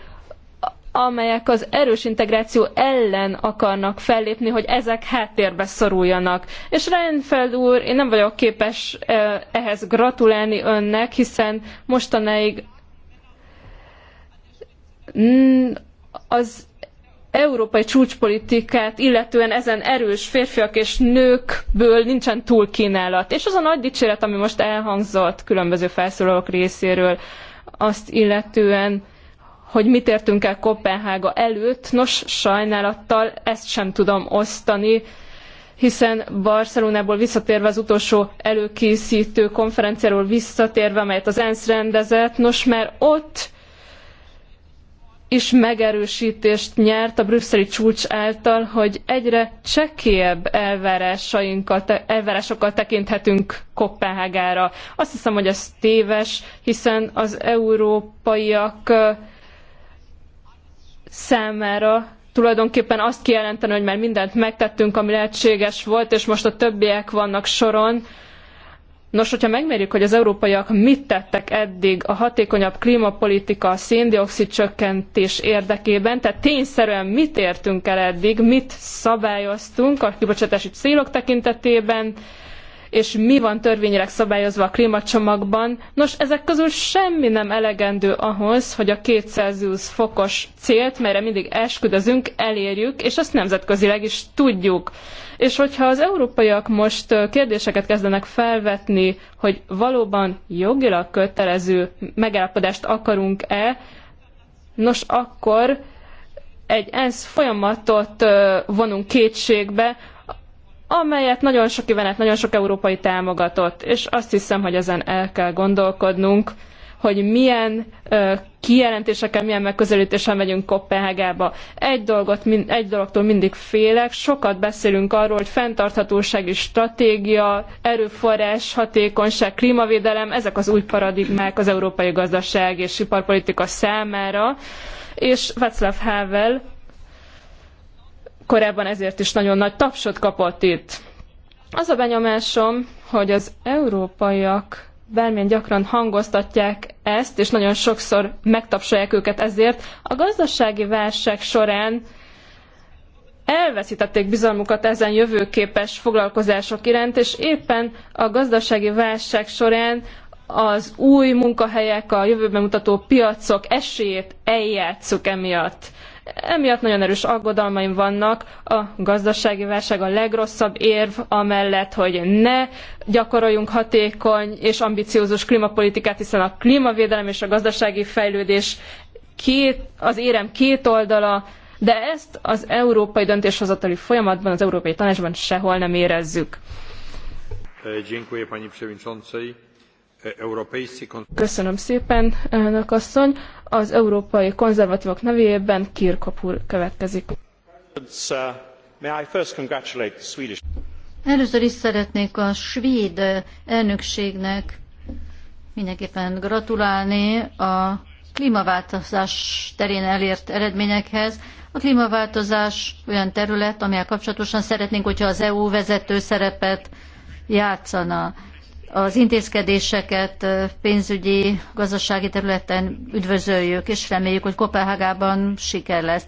C: amelyek az erős integráció ellen akarnak fellépni, hogy ezek háttérbe szoruljanak. És Reinfeld úr, én nem vagyok képes ehhez gratulálni önnek, hiszen mostanáig az európai csúcspolitikát, illetően ezen erős férfiak és nőkből nincsen túl kínálat. És az a nagy dicséret, ami most elhangzott különböző felszólalók részéről, azt illetően hogy mit értünk el Kopenhága előtt. Nos, sajnálattal ezt sem tudom osztani, hiszen Barcelonából visszatérve az utolsó előkészítő konferenciáról visszatérve, amelyet az ENSZ rendezett, nos, mert ott is megerősítést nyert a brüsszeli csúcs által, hogy egyre csekélyebb elvárásokkal tekinthetünk Kopenhágára. Azt hiszem, hogy ez téves, hiszen az európaiak számára tulajdonképpen azt kijelenteni, hogy már mindent megtettünk, ami lehetséges volt, és most a többiek vannak soron. Nos, hogyha megmérjük, hogy az európaiak mit tettek eddig a hatékonyabb klímapolitika, a széndiokszid csökkentés érdekében, tehát tényszerűen mit értünk el eddig, mit szabályoztunk a kibocsátási célok tekintetében, és mi van törvényileg szabályozva a klímacsomagban. Nos, ezek közül semmi nem elegendő ahhoz, hogy a Celsius fokos célt, melyre mindig esküdözünk, elérjük, és azt nemzetközileg is tudjuk. És hogyha az európaiak most kérdéseket kezdenek felvetni, hogy valóban jogilag kötelező megállapodást akarunk-e, nos akkor egy ENSZ folyamatot vonunk kétségbe, amelyet nagyon sok kivenet, nagyon sok európai támogatott, és azt hiszem, hogy ezen el kell gondolkodnunk, hogy milyen ö, kijelentésekkel, milyen megközelítéssel megyünk Kopenhágába. Egy, dolgot, egy dologtól mindig félek, sokat beszélünk arról, hogy fenntarthatósági stratégia, erőforrás, hatékonyság, klímavédelem, ezek az új paradigmák az európai gazdaság és iparpolitika számára, és Václav Havel korábban ezért is nagyon nagy tapsot kapott itt. Az a benyomásom, hogy az európaiak bármilyen gyakran hangoztatják ezt, és nagyon sokszor megtapsolják őket ezért, a gazdasági válság során elveszítették bizalmukat ezen jövőképes foglalkozások iránt, és éppen a gazdasági válság során az új munkahelyek, a jövőben mutató piacok esélyét eljátszuk emiatt. Emiatt nagyon erős aggodalmaim vannak. A gazdasági válság a legrosszabb érv, amellett, hogy ne gyakoroljunk hatékony és ambiciózus klímapolitikát, hiszen a klímavédelem és a gazdasági fejlődés két, az érem két oldala, de ezt az európai döntéshozatali folyamatban, az Európai Tanácsban sehol nem érezzük. Köszönöm szépen, elnök asszony. Az európai konzervatívok nevében Kirkop következik.
A: Először is szeretnék a svéd elnökségnek mindenképpen gratulálni a klímaváltozás terén elért eredményekhez. A klímaváltozás olyan terület, amivel kapcsolatosan szeretnénk, hogyha az EU vezető szerepet játszana az intézkedéseket pénzügyi, gazdasági területen üdvözöljük, és reméljük, hogy Kopenhágában siker lesz.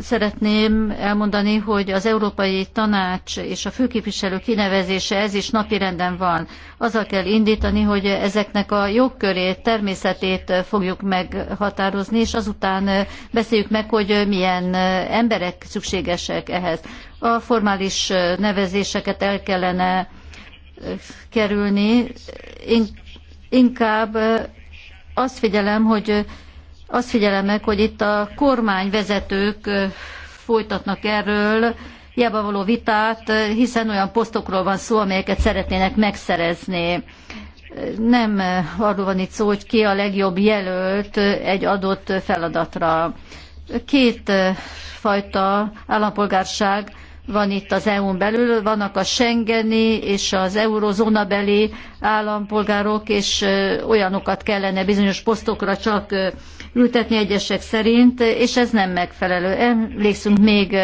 A: Szeretném elmondani, hogy az Európai Tanács és a főképviselő kinevezése ez is napirenden van. Azzal kell indítani, hogy ezeknek a jogkörét, természetét fogjuk meghatározni, és azután beszéljük meg, hogy milyen emberek szükségesek ehhez. A formális nevezéseket el kellene kerülni. Én inkább azt figyelem, hogy azt figyelem meg, hogy itt a kormányvezetők folytatnak erről hiába való vitát, hiszen olyan posztokról van szó, amelyeket szeretnének megszerezni. Nem arról van itt szó, hogy ki a legjobb jelölt egy adott feladatra. Két fajta állampolgárság van itt az EU-n belül, vannak a Schengeni és az beli állampolgárok, és olyanokat kellene bizonyos posztokra csak ültetni egyesek szerint, és ez nem megfelelő. Emlékszünk még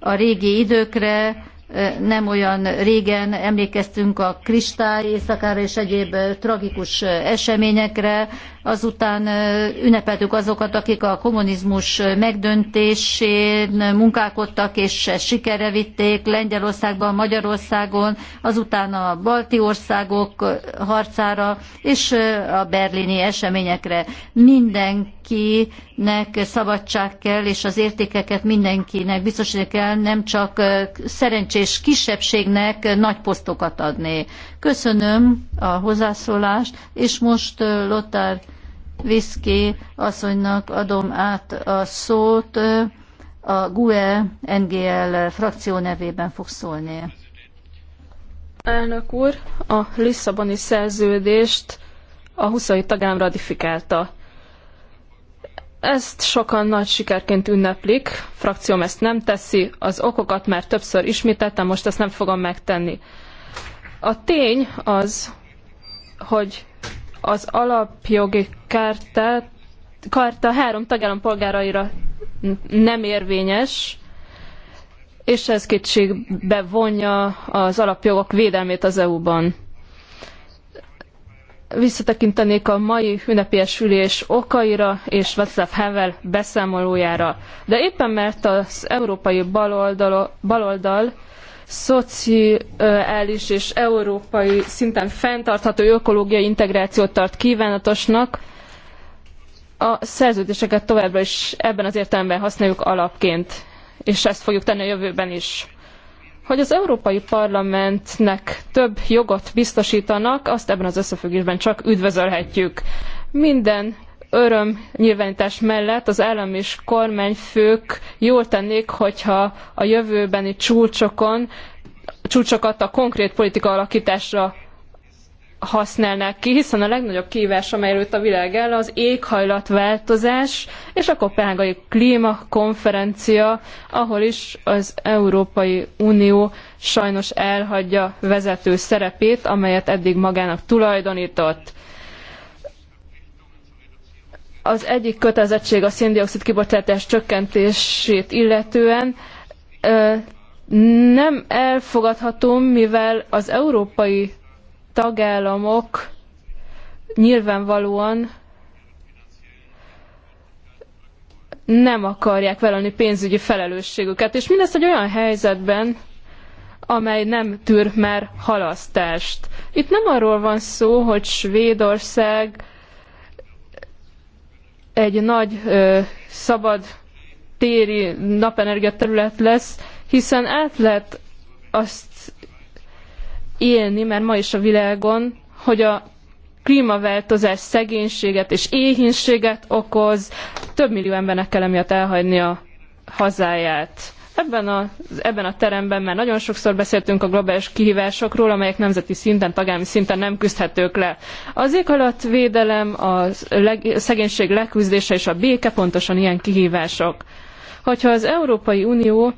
A: a régi időkre, nem olyan régen emlékeztünk a kristály éjszakára és egyéb tragikus eseményekre, azután ünnepeltük azokat, akik a kommunizmus megdöntésén munkálkodtak és sikerre vitték Lengyelországban, Magyarországon, azután a balti országok harcára és a berlini eseményekre. Mindenkinek szabadság kell, és az értékeket mindenkinek biztosítani kell, nem csak szerencsés kisebbségnek nagy posztokat adni. Köszönöm a hozzászólást, és most Lothar Viszki asszonynak adom át a szót. A GUE NGL frakció nevében fog szólni. Elnök úr, a Lisszaboni
C: szerződést a 27 tagállam ratifikálta. Ezt sokan nagy sikerként ünneplik, frakcióm ezt nem teszi, az okokat már többször ismételtem, most ezt nem fogom megtenni. A tény az, hogy az alapjogi kártát, karta három tagállam polgáraira nem érvényes, és ez kétségbe vonja az alapjogok védelmét az EU-ban. Visszatekintenék a mai ünnepélyes ülés okaira és Václav Havel beszámolójára. De éppen mert az európai baloldal, baloldal szociális és európai szinten fenntartható ökológiai integrációt tart kívánatosnak. A szerződéseket továbbra is ebben az értelemben használjuk alapként, és ezt fogjuk tenni a jövőben is. Hogy az Európai Parlamentnek több jogot biztosítanak, azt ebben az összefüggésben csak üdvözölhetjük. Minden öröm nyilvánítás mellett az állam és kormányfők jól tennék, hogyha a jövőbeni csúcsokon, csúcsokat a konkrét politika alakításra használnák ki, hiszen a legnagyobb kihívás, amely előtt a világ áll, az éghajlatváltozás és a kopenhágai klímakonferencia, ahol is az Európai Unió sajnos elhagyja vezető szerepét, amelyet eddig magának tulajdonított. Az egyik kötelezettség a széndiokszid kibocsátás csökkentését illetően nem elfogadható, mivel az európai tagállamok nyilvánvalóan nem akarják vállalni pénzügyi felelősségüket, és mindezt egy olyan helyzetben, amely nem tűr már halasztást. Itt nem arról van szó, hogy Svédország egy nagy szabad téri napenergia terület lesz, hiszen át lehet azt élni, mert ma is a világon, hogy a klímaváltozás szegénységet és éhínséget okoz, több millió embernek kell emiatt elhagyni a hazáját. Ebben a, ebben a teremben már nagyon sokszor beszéltünk a globális kihívásokról, amelyek nemzeti szinten, tagállami szinten nem küzdhetők le. Az éghajlatvédelem, a leg, szegénység leküzdése és a béke pontosan ilyen kihívások. Hogyha az Európai Unió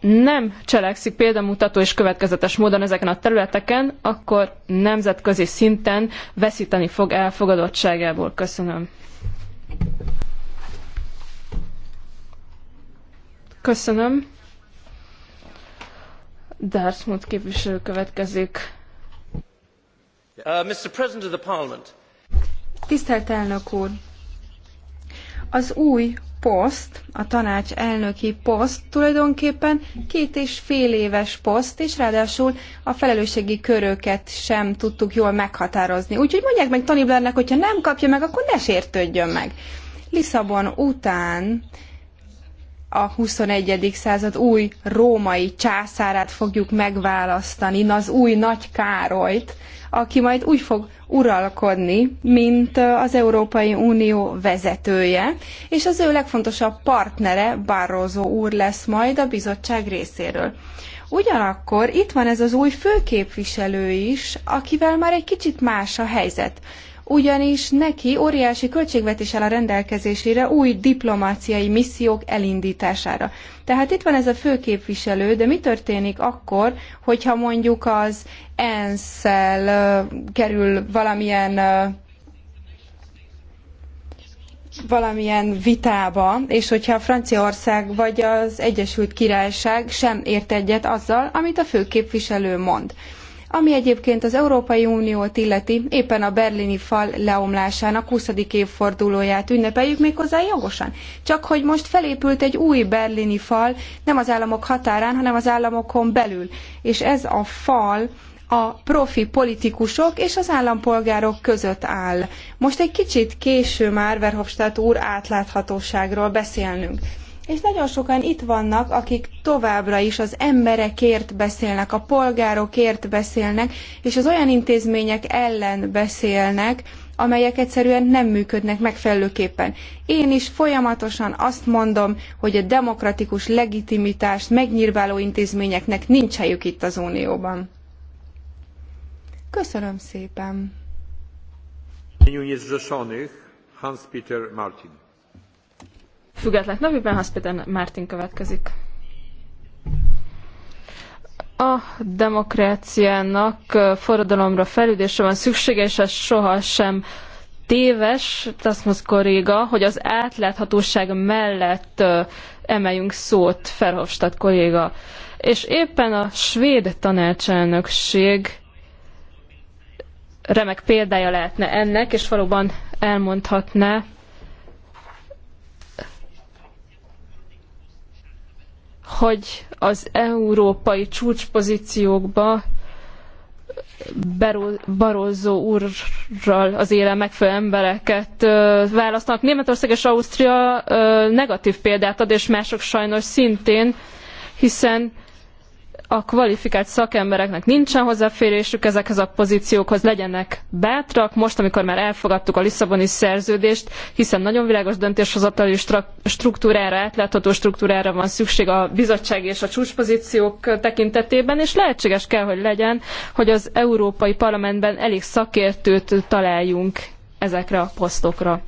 C: nem cselekszik példamutató és következetes módon ezeken a területeken, akkor nemzetközi szinten veszíteni fog elfogadottságából. Köszönöm. Köszönöm. Dartmouth képviselő következik.
A: Uh, Mr. President of the Parliament.
B: Tisztelt elnök úr! Az új poszt, a tanács elnöki poszt tulajdonképpen két és fél éves poszt, és ráadásul a felelősségi köröket sem tudtuk jól meghatározni. Úgyhogy mondják meg Tony Blairnek, hogyha nem kapja meg, akkor ne sértődjön meg. Lisszabon után a 21. század új római császárát fogjuk megválasztani, az új nagy Károlyt, aki majd úgy fog uralkodni, mint az Európai Unió vezetője, és az ő legfontosabb partnere Barroso úr lesz majd a bizottság részéről. Ugyanakkor itt van ez az új főképviselő is, akivel már egy kicsit más a helyzet ugyanis neki óriási költségvetés áll a rendelkezésére új diplomáciai missziók elindítására. Tehát itt van ez a főképviselő, de mi történik akkor, hogyha mondjuk az ensz uh, kerül valamilyen valamilyen vitába, és hogyha Franciaország vagy az Egyesült Királyság sem ért egyet azzal, amit a főképviselő mond ami egyébként az Európai Uniót illeti, éppen a berlini fal leomlásának 20. évfordulóját ünnepeljük méghozzá jogosan. Csak hogy most felépült egy új berlini fal, nem az államok határán, hanem az államokon belül. És ez a fal a profi politikusok és az állampolgárok között áll. Most egy kicsit késő már Verhofstadt úr átláthatóságról beszélnünk és nagyon sokan itt vannak, akik továbbra is az emberekért beszélnek, a polgárokért beszélnek, és az olyan intézmények ellen beszélnek, amelyek egyszerűen nem működnek megfelelőképpen. Én is folyamatosan azt mondom, hogy a demokratikus legitimitást megnyírváló intézményeknek nincs helyük itt az Unióban. Köszönöm szépen!
C: Hans Peter Martin függetlenek nevében, Haspéter Mártin következik. A demokráciának forradalomra felüldésre van szüksége, és ez sohasem téves, Tasmus kolléga, hogy az átláthatóság mellett emeljünk szót, Ferhofstadt kolléga. És éppen a svéd tanácselnökség remek példája lehetne ennek, és valóban elmondhatná, hogy az európai csúcspozíciókba Barozó úrral az élen megfelelő embereket választanak. Németország és Ausztria negatív példát ad, és mások sajnos szintén, hiszen a kvalifikált szakembereknek nincsen hozzáférésük ezekhez a pozíciókhoz, legyenek bátrak, most, amikor már elfogadtuk a Lisszaboni szerződést, hiszen nagyon világos döntéshozatali struktúrára, átlátható struktúrára van szükség a bizottság és a csúcspozíciók tekintetében, és lehetséges kell, hogy legyen, hogy az Európai Parlamentben elég szakértőt találjunk ezekre a posztokra.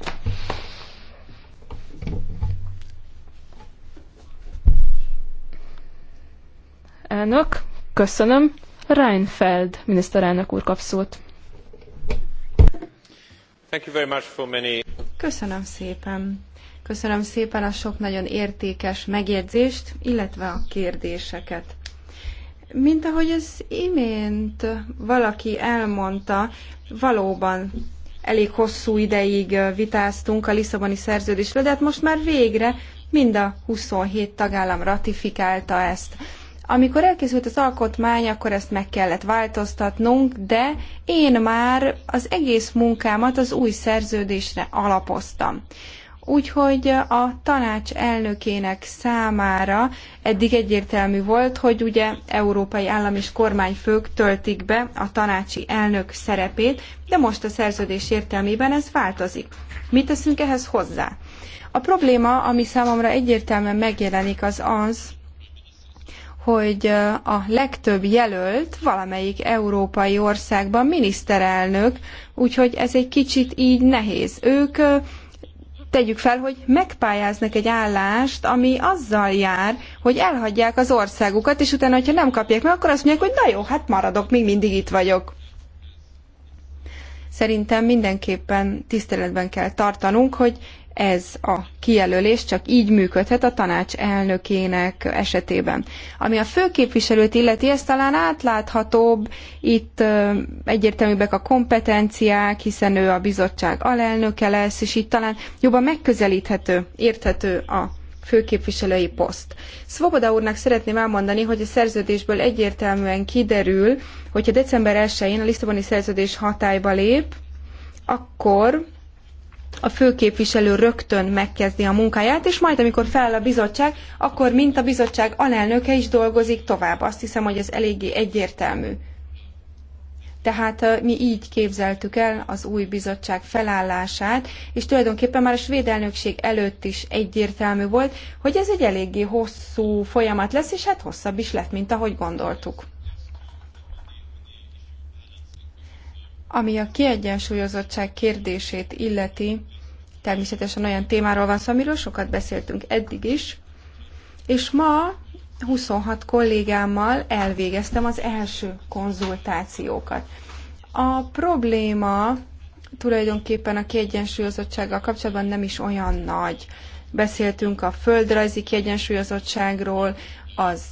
C: Elnök, köszönöm. Reinfeld miniszterelnök úr kap szót.
B: Köszönöm szépen. Köszönöm szépen a sok nagyon értékes megjegyzést, illetve a kérdéseket. Mint ahogy az imént valaki elmondta, valóban elég hosszú ideig vitáztunk a Lisszaboni szerződésre, de hát most már végre mind a 27 tagállam ratifikálta ezt. Amikor elkészült az alkotmány, akkor ezt meg kellett változtatnunk, de én már az egész munkámat az új szerződésre alapoztam. Úgyhogy a tanács elnökének számára eddig egyértelmű volt, hogy ugye európai állam és kormányfők töltik be a tanácsi elnök szerepét, de most a szerződés értelmében ez változik. Mit teszünk ehhez hozzá? A probléma, ami számomra egyértelműen megjelenik, az az, hogy a legtöbb jelölt valamelyik európai országban miniszterelnök, úgyhogy ez egy kicsit így nehéz. Ők tegyük fel, hogy megpályáznak egy állást, ami azzal jár, hogy elhagyják az országukat, és utána, hogyha nem kapják meg, akkor azt mondják, hogy na jó, hát maradok, még mindig itt vagyok. Szerintem mindenképpen tiszteletben kell tartanunk, hogy ez a kijelölés csak így működhet a tanács elnökének esetében. Ami a főképviselőt illeti, ez talán átláthatóbb, itt egyértelműbbek a kompetenciák, hiszen ő a bizottság alelnöke lesz, és itt talán jobban megközelíthető, érthető a főképviselői poszt. Svoboda úrnak szeretném elmondani, hogy a szerződésből egyértelműen kiderül, hogyha december 1-én a Lisszaboni szerződés hatályba lép, akkor a főképviselő rögtön megkezdi a munkáját, és majd, amikor feláll a bizottság, akkor mint a bizottság alelnöke is dolgozik tovább. Azt hiszem, hogy ez eléggé egyértelmű. Tehát mi így képzeltük el az új bizottság felállását, és tulajdonképpen már a svéd elnökség előtt is egyértelmű volt, hogy ez egy eléggé hosszú folyamat lesz, és hát hosszabb is lett, mint ahogy gondoltuk. Ami a kiegyensúlyozottság kérdését illeti, természetesen olyan témáról van szó, amiről sokat beszéltünk eddig is, és ma 26 kollégámmal elvégeztem az első konzultációkat. A probléma tulajdonképpen a kiegyensúlyozottsággal kapcsolatban nem is olyan nagy. Beszéltünk a földrajzi kiegyensúlyozottságról, az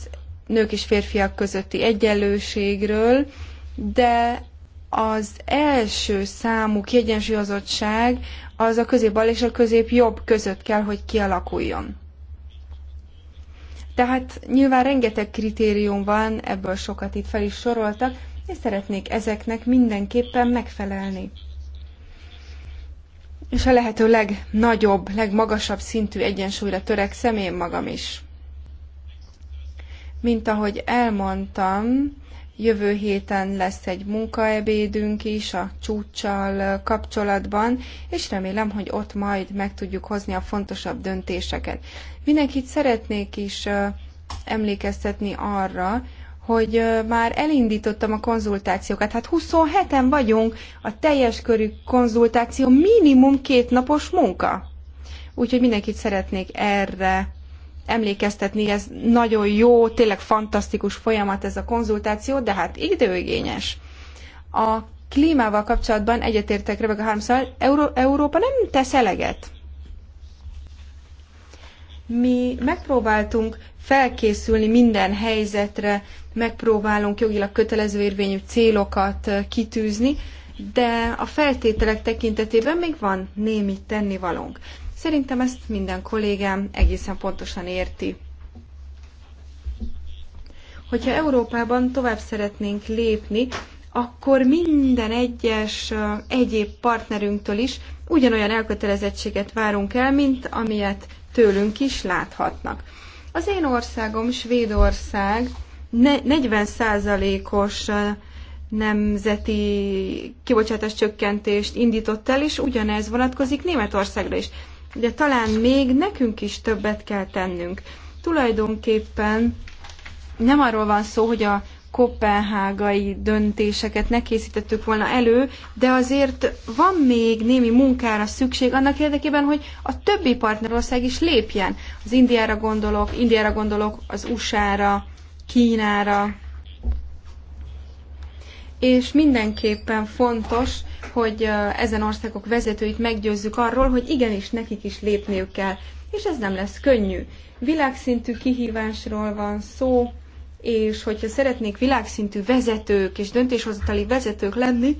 B: nők és férfiak közötti egyenlőségről, de az első számú kiegyensúlyozottság az a középbal és a középjobb között kell, hogy kialakuljon. Tehát nyilván rengeteg kritérium van, ebből sokat itt fel is soroltak, és szeretnék ezeknek mindenképpen megfelelni. És a lehető legnagyobb, legmagasabb szintű egyensúlyra törekszem én magam is. Mint ahogy elmondtam, Jövő héten lesz egy munkaebédünk is a csúccsal kapcsolatban, és remélem, hogy ott majd meg tudjuk hozni a fontosabb döntéseket. Mindenkit szeretnék is emlékeztetni arra, hogy már elindítottam a konzultációkat. Hát 27-en vagyunk, a teljes körű konzultáció minimum két napos munka. Úgyhogy mindenkit szeretnék erre emlékeztetni, ez nagyon jó, tényleg fantasztikus folyamat ez a konzultáció, de hát időigényes. A klímával kapcsolatban egyetértek Rebecca harms Euró- Európa nem tesz eleget. Mi megpróbáltunk felkészülni minden helyzetre, megpróbálunk jogilag kötelező érvényű célokat kitűzni, de a feltételek tekintetében még van némi tennivalónk. Szerintem ezt minden kollégám egészen pontosan érti. Hogyha Európában tovább szeretnénk lépni, akkor minden egyes egyéb partnerünktől is ugyanolyan elkötelezettséget várunk el, mint amilyet tőlünk is láthatnak. Az én országom, Svédország 40%-os nemzeti kibocsátás csökkentést indított el, és ugyanez vonatkozik Németországra is de talán még nekünk is többet kell tennünk. Tulajdonképpen nem arról van szó, hogy a kopenhágai döntéseket ne készítettük volna elő, de azért van még némi munkára szükség annak érdekében, hogy a többi partnerország is lépjen. Az Indiára gondolok, Indiára gondolok, az USA-ra, Kínára, és mindenképpen fontos, hogy ezen országok vezetőit meggyőzzük arról, hogy igenis nekik is lépniük kell, és ez nem lesz könnyű. Világszintű kihívásról van szó, és hogyha szeretnék világszintű vezetők és döntéshozatali vezetők lenni,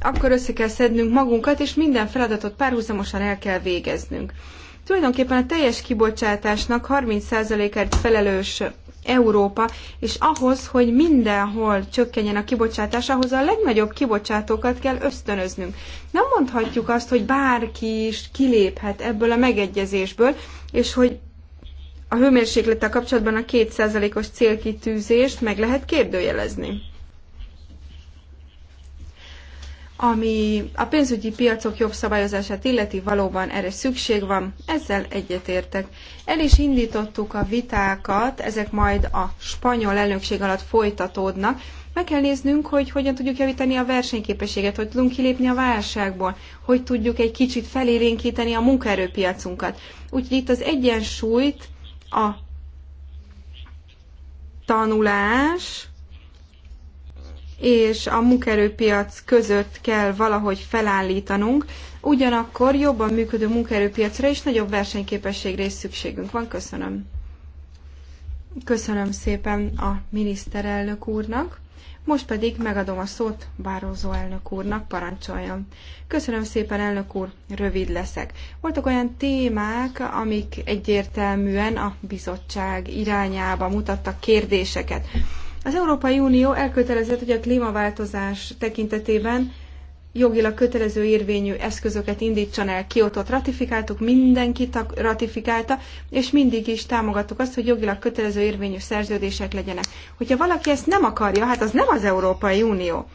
B: akkor össze kell szednünk magunkat, és minden feladatot párhuzamosan el kell végeznünk. Tulajdonképpen a teljes kibocsátásnak 30%-át felelős Európa, és ahhoz, hogy mindenhol csökkenjen a kibocsátás, ahhoz a legnagyobb kibocsátókat kell ösztönöznünk. Nem mondhatjuk azt, hogy bárki is kiléphet ebből a megegyezésből, és hogy a hőmérséklettel kapcsolatban a 2%-os célkitűzést meg lehet kérdőjelezni. Ami a pénzügyi piacok jobb szabályozását illeti, valóban erre szükség van, ezzel egyetértek. El is indítottuk a vitákat, ezek majd a spanyol elnökség alatt folytatódnak. Meg kell néznünk, hogy hogyan tudjuk javítani a versenyképességet, hogy tudunk kilépni a válságból, hogy tudjuk egy kicsit felélénkíteni a munkaerőpiacunkat. Úgyhogy itt az egyensúlyt a tanulás, és a munkaerőpiac között kell valahogy felállítanunk, ugyanakkor jobban működő munkaerőpiacra is nagyobb versenyképességre is szükségünk van. Köszönöm. Köszönöm szépen a miniszterelnök úrnak. Most pedig megadom a szót Bározó elnök úrnak, parancsoljon. Köszönöm szépen, elnök úr, rövid leszek. Voltak olyan témák, amik egyértelműen a bizottság irányába mutattak kérdéseket. Az Európai Unió elkötelezett, hogy a klímaváltozás tekintetében jogilag kötelező érvényű eszközöket indítson el. Kiotot ratifikáltuk, mindenki ratifikálta, és mindig is támogattuk azt, hogy jogilag kötelező érvényű szerződések legyenek. Hogyha valaki ezt nem akarja, hát az nem az Európai Unió.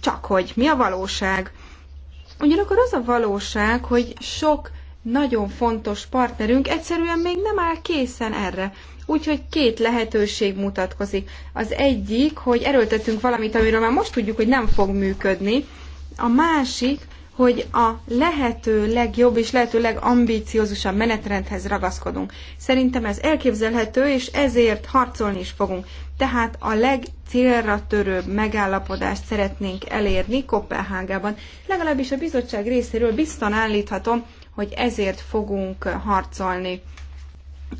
B: Csak hogy mi a valóság? Ugyanakkor az a valóság, hogy sok nagyon fontos partnerünk egyszerűen még nem áll készen erre. Úgyhogy két lehetőség mutatkozik. Az egyik, hogy erőltetünk valamit, amiről már most tudjuk, hogy nem fog működni. A másik, hogy a lehető legjobb és lehető legambíciózusabb menetrendhez ragaszkodunk. Szerintem ez elképzelhető, és ezért harcolni is fogunk. Tehát a legcélra törőbb megállapodást szeretnénk elérni Kopenhágában. Legalábbis a bizottság részéről bizton állíthatom, hogy ezért fogunk harcolni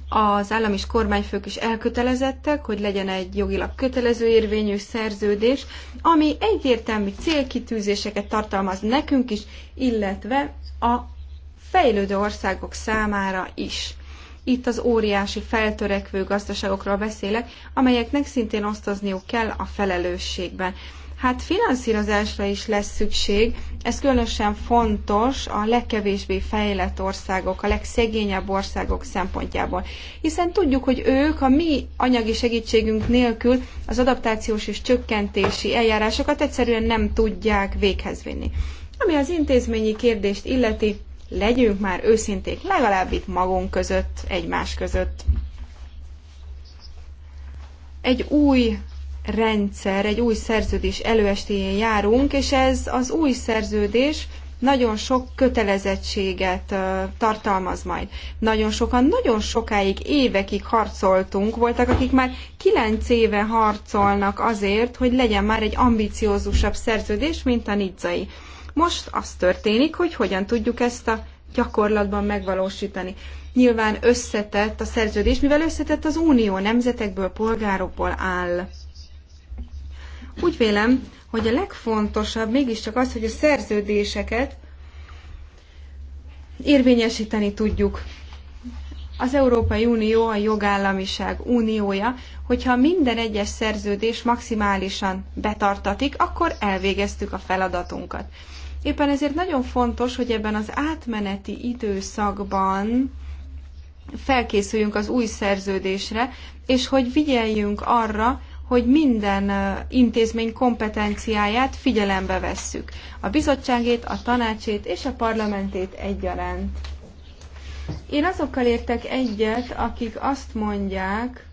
B: az állam és kormányfők is elkötelezettek, hogy legyen egy jogilag kötelező érvényű szerződés, ami egyértelmű célkitűzéseket tartalmaz nekünk is, illetve a fejlődő országok számára is. Itt az óriási feltörekvő gazdaságokról beszélek, amelyeknek szintén osztozniuk kell a felelősségben hát finanszírozásra is lesz szükség. Ez különösen fontos a legkevésbé fejlett országok, a legszegényebb országok szempontjából. Hiszen tudjuk, hogy ők a mi anyagi segítségünk nélkül az adaptációs és csökkentési eljárásokat egyszerűen nem tudják véghez vinni. Ami az intézményi kérdést illeti, legyünk már őszinték, legalább itt magunk között, egymás között. Egy új rendszer, egy új szerződés előestéjén járunk, és ez az új szerződés nagyon sok kötelezettséget tartalmaz majd. Nagyon sokan, nagyon sokáig, évekig harcoltunk, voltak, akik már kilenc éve harcolnak azért, hogy legyen már egy ambiciózusabb szerződés, mint a nidzai. Most az történik, hogy hogyan tudjuk ezt a gyakorlatban megvalósítani. Nyilván összetett a szerződés, mivel összetett az unió nemzetekből, polgárokból áll. Úgy vélem, hogy a legfontosabb mégiscsak az, hogy a szerződéseket érvényesíteni tudjuk. Az Európai Unió a jogállamiság uniója, hogyha minden egyes szerződés maximálisan betartatik, akkor elvégeztük a feladatunkat. Éppen ezért nagyon fontos, hogy ebben az átmeneti időszakban felkészüljünk az új szerződésre, és hogy vigyeljünk arra, hogy minden intézmény kompetenciáját figyelembe vesszük. A bizottságét, a tanácsét és a parlamentét egyaránt. Én azokkal értek egyet, akik azt mondják,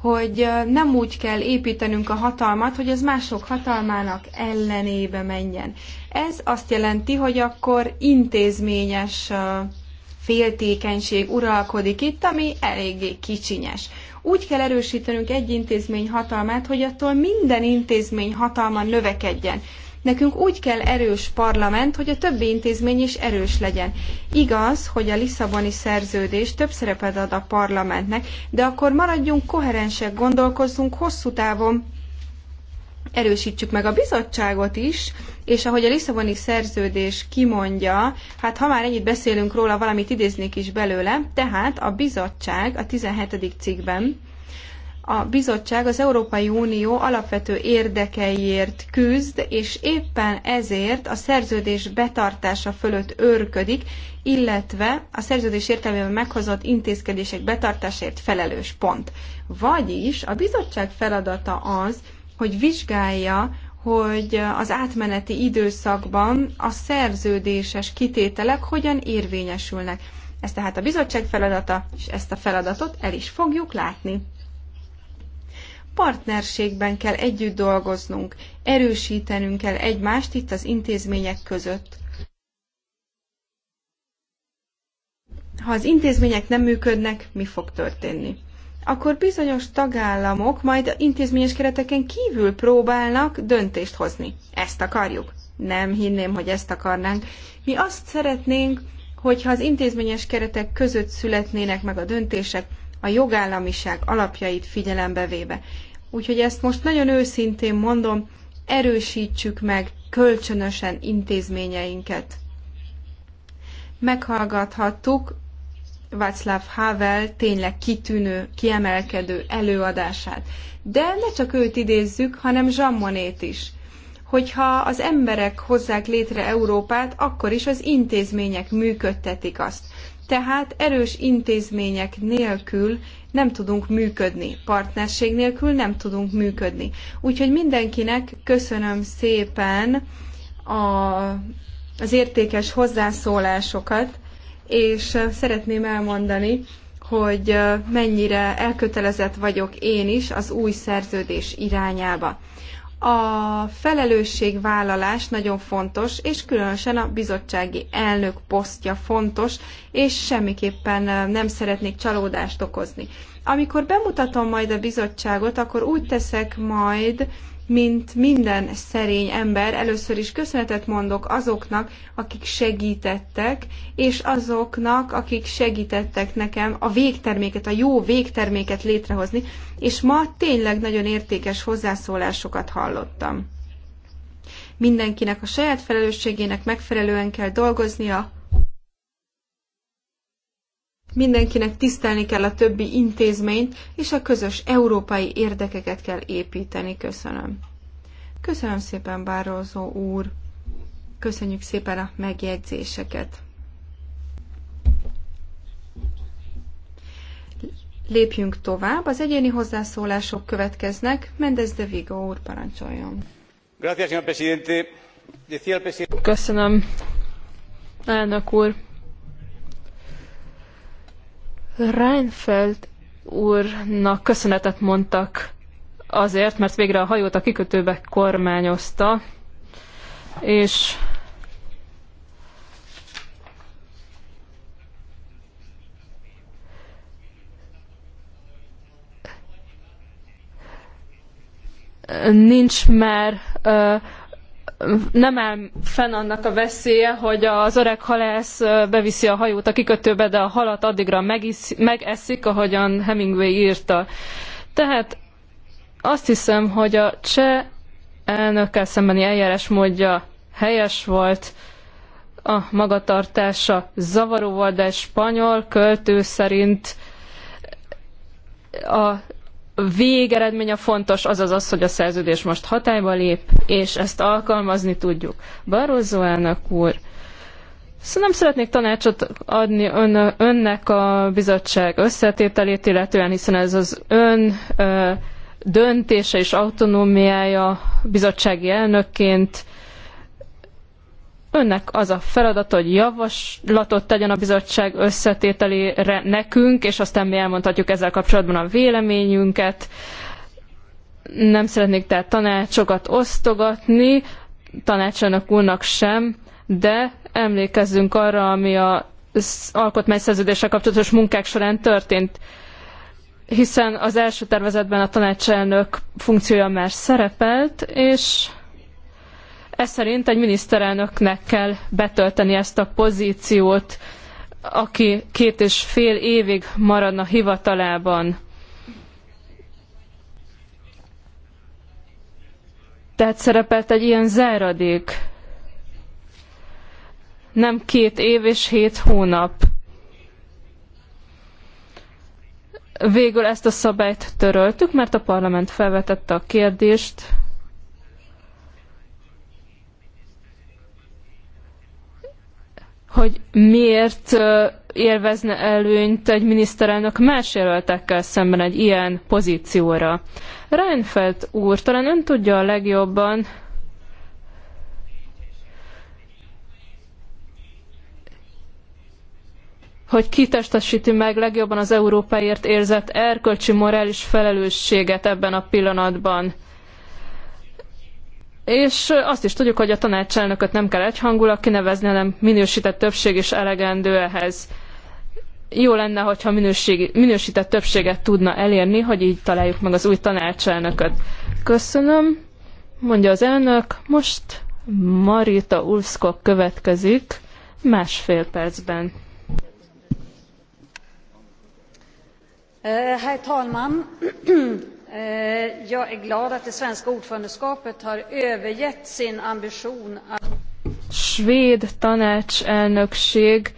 B: hogy nem úgy kell építenünk a hatalmat, hogy ez mások hatalmának ellenébe menjen. Ez azt jelenti, hogy akkor intézményes féltékenység uralkodik itt, ami eléggé kicsinyes. Úgy kell erősítenünk egy intézmény hatalmát, hogy attól minden intézmény hatalma növekedjen. Nekünk úgy kell erős parlament, hogy a többi intézmény is erős legyen. Igaz, hogy a Lisszaboni szerződés több szerepet ad a parlamentnek, de akkor maradjunk koherensek, gondolkozzunk hosszú távon, erősítsük meg a bizottságot is, és ahogy a Lisszaboni szerződés kimondja, hát ha már ennyit beszélünk róla, valamit idéznék is belőle, tehát a bizottság a 17. cikkben a bizottság az Európai Unió alapvető érdekeiért küzd, és éppen ezért a szerződés betartása fölött őrködik, illetve a szerződés értelmében meghozott intézkedések betartásért felelős pont. Vagyis a bizottság feladata az, hogy vizsgálja, hogy az átmeneti időszakban a szerződéses kitételek hogyan érvényesülnek. Ez tehát a bizottság feladata, és ezt a feladatot el is fogjuk látni. Partnerségben kell együtt dolgoznunk, erősítenünk kell egymást itt az intézmények között. Ha az intézmények nem működnek, mi fog történni? akkor bizonyos tagállamok majd intézményes kereteken kívül próbálnak döntést hozni. Ezt akarjuk. Nem hinném, hogy ezt akarnánk. Mi azt szeretnénk, hogyha az intézményes keretek között születnének meg a döntések, a jogállamiság alapjait figyelembe véve. Úgyhogy ezt most nagyon őszintén mondom, erősítsük meg kölcsönösen intézményeinket. Meghallgathattuk Václav Havel tényleg kitűnő, kiemelkedő előadását. De ne csak őt idézzük, hanem Zsammonét is hogyha az emberek hozzák létre Európát, akkor is az intézmények működtetik azt. Tehát erős intézmények nélkül nem tudunk működni, partnerség nélkül nem tudunk működni. Úgyhogy mindenkinek köszönöm szépen a, az értékes hozzászólásokat, és szeretném elmondani, hogy mennyire elkötelezett vagyok én is az új szerződés irányába. A felelősségvállalás nagyon fontos, és különösen a bizottsági elnök posztja fontos, és semmiképpen nem szeretnék csalódást okozni. Amikor bemutatom majd a bizottságot, akkor úgy teszek majd, mint minden szerény ember, először is köszönetet mondok azoknak, akik segítettek, és azoknak, akik segítettek nekem a végterméket, a jó végterméket létrehozni, és ma tényleg nagyon értékes hozzászólásokat hallottam. Mindenkinek a saját felelősségének megfelelően kell dolgoznia, mindenkinek tisztelni kell a többi intézményt, és a közös európai érdekeket kell építeni. Köszönöm. Köszönöm szépen, Bározó úr. Köszönjük szépen a megjegyzéseket. Lépjünk tovább, az egyéni hozzászólások következnek. Mendez de Vigo úr parancsoljon. Köszönöm, elnök úr.
C: Reinfeld úrnak köszönetet mondtak azért, mert végre a hajót a kikötőbe kormányozta, és nincs már uh, nem áll fenn annak a veszélye, hogy az öreg halász beviszi a hajót a kikötőbe, de a halat addigra megisz, megeszik, ahogyan Hemingway írta. Tehát azt hiszem, hogy a cseh elnökkel szembeni eljárás módja helyes volt, a magatartása zavaró volt, de egy spanyol költő szerint a a fontos, azaz az, hogy a szerződés most hatályba lép, és ezt alkalmazni tudjuk. Barroso elnök úr, Szóval nem szeretnék tanácsot adni ön, önnek a bizottság összetételét, illetően hiszen ez az ön ö, döntése és autonómiája bizottsági elnökként, önnek az a feladat, hogy javaslatot tegyen a bizottság összetételére nekünk, és aztán mi elmondhatjuk ezzel kapcsolatban a véleményünket. Nem szeretnék tehát tanácsokat osztogatni, tanácsának úrnak sem, de emlékezzünk arra, ami az alkotmányszerződéssel kapcsolatos munkák során történt hiszen az első tervezetben a tanácselnök funkciója már szerepelt, és ez szerint egy miniszterelnöknek kell betölteni ezt a pozíciót, aki két és fél évig maradna hivatalában. Tehát szerepelt egy ilyen záradék. Nem két év és hét hónap. Végül ezt a szabályt töröltük, mert a parlament felvetette a kérdést, hogy miért élvezne előnyt egy miniszterelnök más jelöltekkel szemben egy ilyen pozícióra. Reinfeldt úr, talán ön tudja a legjobban, hogy kitestesíti meg legjobban az Európáért érzett erkölcsi morális felelősséget ebben a pillanatban. És azt is tudjuk, hogy a tanácselnököt nem kell egyhangulag kinevezni, hanem minősített többség is elegendő ehhez. Jó lenne, hogyha minőségi, minősített többséget tudna elérni, hogy így találjuk meg az új tanácselnököt. Köszönöm, mondja az elnök. Most Marita Ulfskog következik másfél percben.
A: Eh, herr talman! Eh, jag är glad att det svenska ordförandeskapet har övergett sin ambition att...
C: Svéd tanácselnökség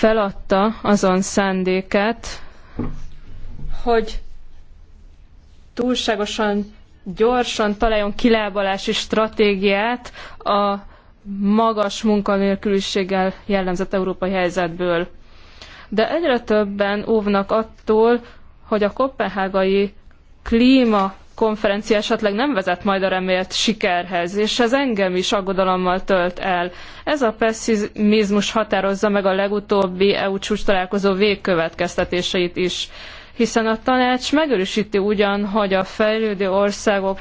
C: feladta azon szándékát, hogy túlságosan gyorsan találjon kilábalási stratégiát a magas munkanélküliséggel jellemzett európai helyzetből. De egyre többen óvnak attól, hogy a kopenhágai klíma konferencia esetleg nem vezet majd a remélt sikerhez, és ez engem is aggodalommal tölt el. Ez a pessimizmus határozza meg a legutóbbi EU csúcs találkozó végkövetkeztetéseit is hiszen a tanács megerősíti ugyan, hogy a fejlődő országok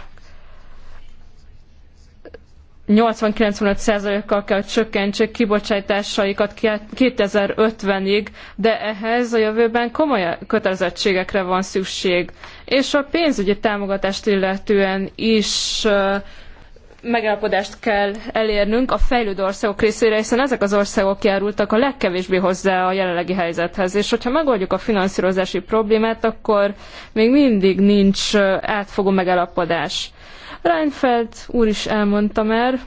C: 80-95%-kal kell csökkentsék kibocsátásaikat 2050-ig, de ehhez a jövőben komoly kötelezettségekre van szükség. És a pénzügyi támogatást illetően is megállapodást kell elérnünk a fejlődő országok részére, hiszen ezek az országok járultak a legkevésbé hozzá a jelenlegi helyzethez. És hogyha megoldjuk a finanszírozási problémát, akkor még mindig nincs átfogó megállapodás. Reinfeldt úr is elmondta már,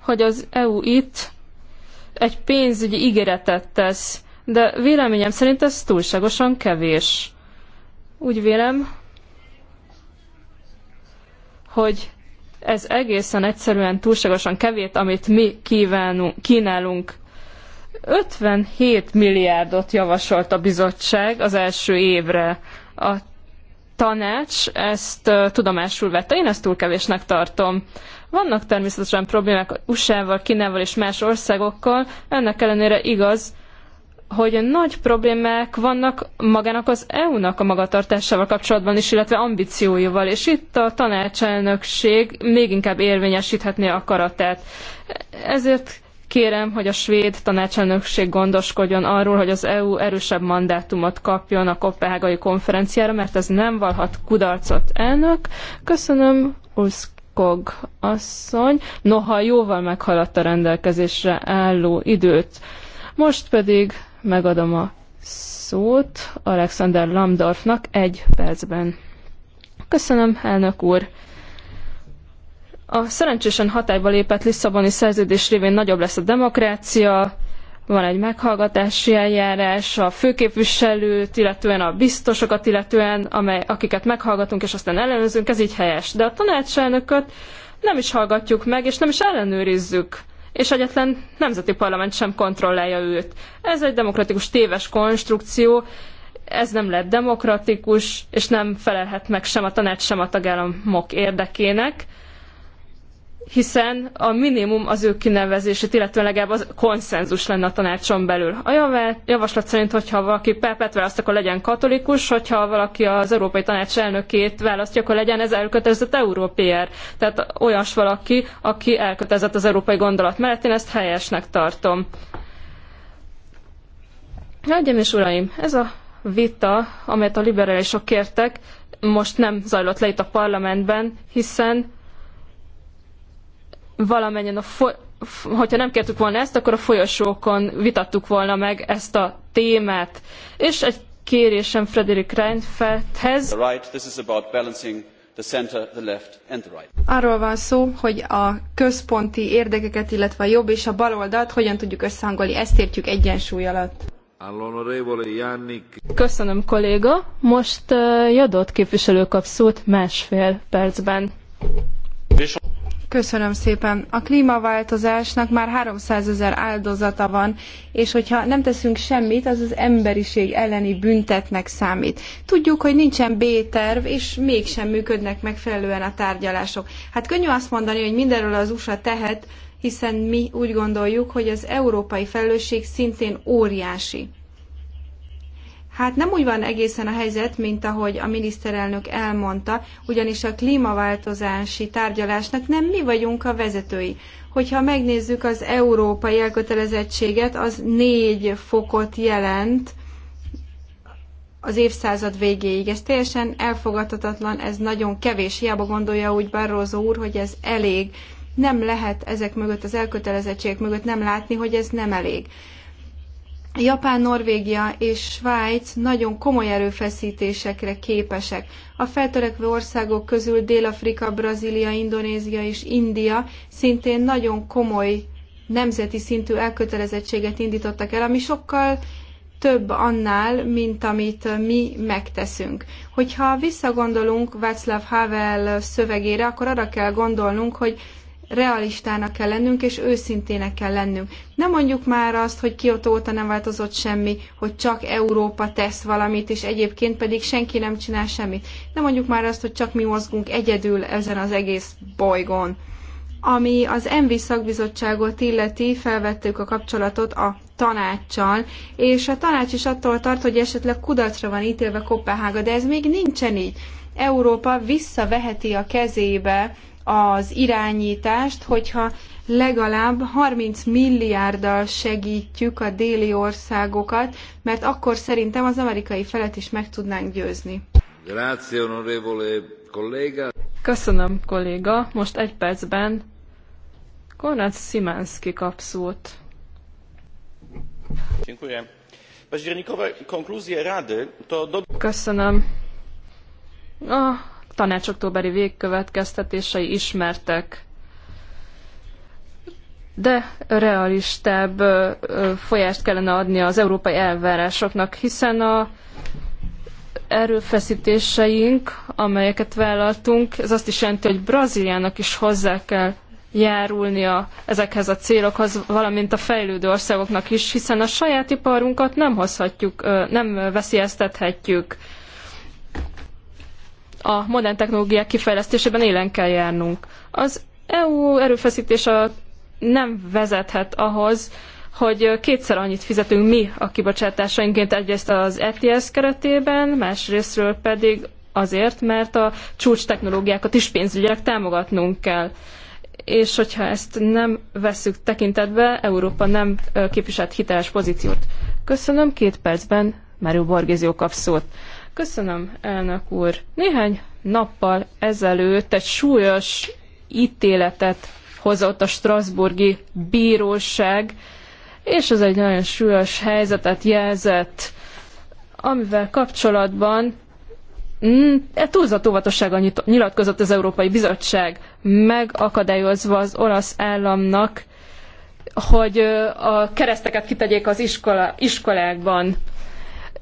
C: hogy az EU itt egy pénzügyi ígéretet tesz, de véleményem szerint ez túlságosan kevés. Úgy vélem, hogy ez egészen egyszerűen túlságosan kevét, amit mi kívánunk, kínálunk. 57 milliárdot javasolt a bizottság az első évre. A tanács ezt tudomásul vette. Én ezt túl kevésnek tartom. Vannak természetesen problémák USA-val, Kínával és más országokkal, ennek ellenére igaz, hogy nagy problémák vannak magának az EU-nak a magatartásával kapcsolatban is, illetve ambícióival, és itt a tanácselnökség még inkább érvényesíthetné akaratát. Ezért Kérem, hogy a svéd tanácselnökség gondoskodjon arról, hogy az EU erősebb mandátumot kapjon a Kopenhágai konferenciára, mert ez nem valhat kudarcot elnök. Köszönöm, Uszkog asszony. Noha jóval meghaladta rendelkezésre álló időt. Most pedig megadom a szót Alexander Lambdorfnak egy percben. Köszönöm, elnök úr. A szerencsésen hatályba lépett Lisszaboni szerződés révén nagyobb lesz a demokrácia, van egy meghallgatási eljárás a főképviselőt, illetően a biztosokat, illetően amely, akiket meghallgatunk, és aztán ellenőrzünk, ez így helyes. De a tanácselnököt nem is hallgatjuk meg, és nem is ellenőrizzük és egyetlen nemzeti parlament sem kontrollálja őt. Ez egy demokratikus téves konstrukció, ez nem lett demokratikus, és nem felelhet meg sem a tanács, sem a tagállamok érdekének hiszen a minimum az ő kinevezését, illetve legalább az konszenzus lenne a tanácson belül. A javaslat szerint, hogyha valaki pápát választ, akkor legyen katolikus, hogyha valaki az Európai Tanács elnökét választja, akkor legyen ez elkötelezett európér. Tehát olyas valaki, aki elkötelezett az európai gondolat mellett, én ezt helyesnek tartom. Hölgyeim és uraim, ez a vita, amelyet a liberálisok kértek, most nem zajlott le itt a parlamentben, hiszen valamennyien a fo- hogyha nem kértük volna ezt, akkor a folyosókon vitattuk volna meg ezt a témát. És egy kérésem Frederik Reinfeldthez.
B: Arról van szó, hogy a központi érdekeket, illetve a jobb és a bal oldalt hogyan tudjuk összehangolni, ezt értjük egyensúly alatt. Köszönöm, kolléga. Most uh, Jadot képviselő kap szót másfél percben. Köszönöm szépen. A klímaváltozásnak már 300 ezer áldozata van, és hogyha nem teszünk semmit, az az emberiség elleni büntetnek számít. Tudjuk, hogy nincsen B-terv, és mégsem működnek megfelelően a tárgyalások. Hát könnyű azt mondani, hogy mindenről az USA tehet, hiszen mi úgy gondoljuk, hogy az európai felelősség szintén óriási. Hát nem úgy van egészen a helyzet, mint ahogy a miniszterelnök elmondta, ugyanis a klímaváltozási tárgyalásnak nem mi vagyunk a vezetői. Hogyha megnézzük az európai elkötelezettséget, az négy fokot jelent az évszázad végéig. Ez teljesen elfogadhatatlan, ez nagyon kevés. Hiába gondolja úgy Barroso úr, hogy ez elég. Nem lehet ezek mögött, az elkötelezettségek mögött nem látni, hogy ez nem elég Japán, Norvégia és Svájc nagyon komoly erőfeszítésekre képesek. A feltörekvő országok közül Dél-Afrika, Brazília, Indonézia és India szintén nagyon komoly nemzeti szintű elkötelezettséget indítottak el, ami sokkal több annál, mint amit mi megteszünk. Hogyha visszagondolunk Václav Havel szövegére, akkor arra kell gondolnunk, hogy realistának kell lennünk, és őszintének kell lennünk. Nem mondjuk már azt, hogy Kyoto óta nem változott semmi, hogy csak Európa tesz valamit, és egyébként pedig senki nem csinál semmit. Nem mondjuk már azt, hogy csak mi mozgunk egyedül ezen az egész bolygón. Ami az ENVI szakbizottságot illeti, felvettük a kapcsolatot a tanácssal, és a tanács is attól tart, hogy esetleg kudarcra van ítélve Kopenhága, de ez még nincsen így. Európa visszaveheti a kezébe az irányítást, hogyha legalább 30 milliárddal segítjük a déli országokat, mert akkor szerintem az amerikai felet is meg tudnánk győzni.
C: Grazie, onorevole kolléga.
B: Köszönöm, kolléga. Most egy percben
C: Konrad Szimanszki kap szót.
B: Köszönöm.
C: A tanács októberi végkövetkeztetései ismertek. De realistább folyást kellene adni az európai elvárásoknak, hiszen a erőfeszítéseink, amelyeket vállaltunk, ez azt is jelenti, hogy Brazíliának is hozzá kell járulnia ezekhez a célokhoz, valamint a fejlődő országoknak is, hiszen a saját iparunkat nem hozhatjuk, nem veszélyeztethetjük a modern technológiák kifejlesztésében élen kell járnunk. Az EU erőfeszítése nem vezethet ahhoz, hogy kétszer annyit fizetünk mi a kibocsátásainként egyrészt az ETS keretében, másrésztről pedig azért, mert a csúcs technológiákat is pénzügyileg támogatnunk kell. És hogyha ezt nem vesszük tekintetbe, Európa nem képviselt hiteles pozíciót. Köszönöm, két percben Mário Borgézió kap szót. Köszönöm, elnök úr. Néhány nappal ezelőtt egy súlyos ítéletet hozott a Strasburgi Bíróság, és ez egy nagyon súlyos helyzetet jelzett, amivel kapcsolatban mm, e túlzott óvatossággal nyilatkozott az Európai Bizottság, megakadályozva az olasz államnak, hogy a kereszteket kitegyék az iskola, iskolákban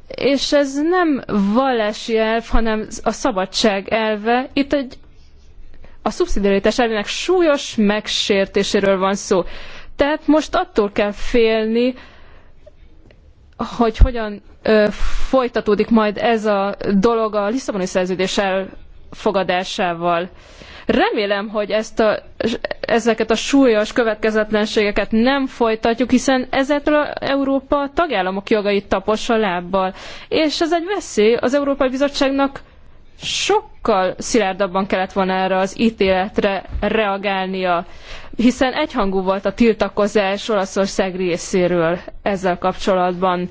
C: és ez nem vallási elv, hanem a szabadság elve. Itt egy a szubszidiaritás elvének súlyos megsértéséről van szó. Tehát most attól kell félni, hogy hogyan ö, folytatódik majd ez a dolog a Lisszaboni szerződés elfogadásával. Remélem, hogy ezt a, ezeket a súlyos következetlenségeket nem folytatjuk, hiszen ezekről Európa tagállamok jogait tapossa lábbal. És ez egy veszély az Európai Bizottságnak sokkal szilárdabban kellett volna erre az ítéletre reagálnia, hiszen egyhangú volt a tiltakozás Olaszország részéről ezzel kapcsolatban.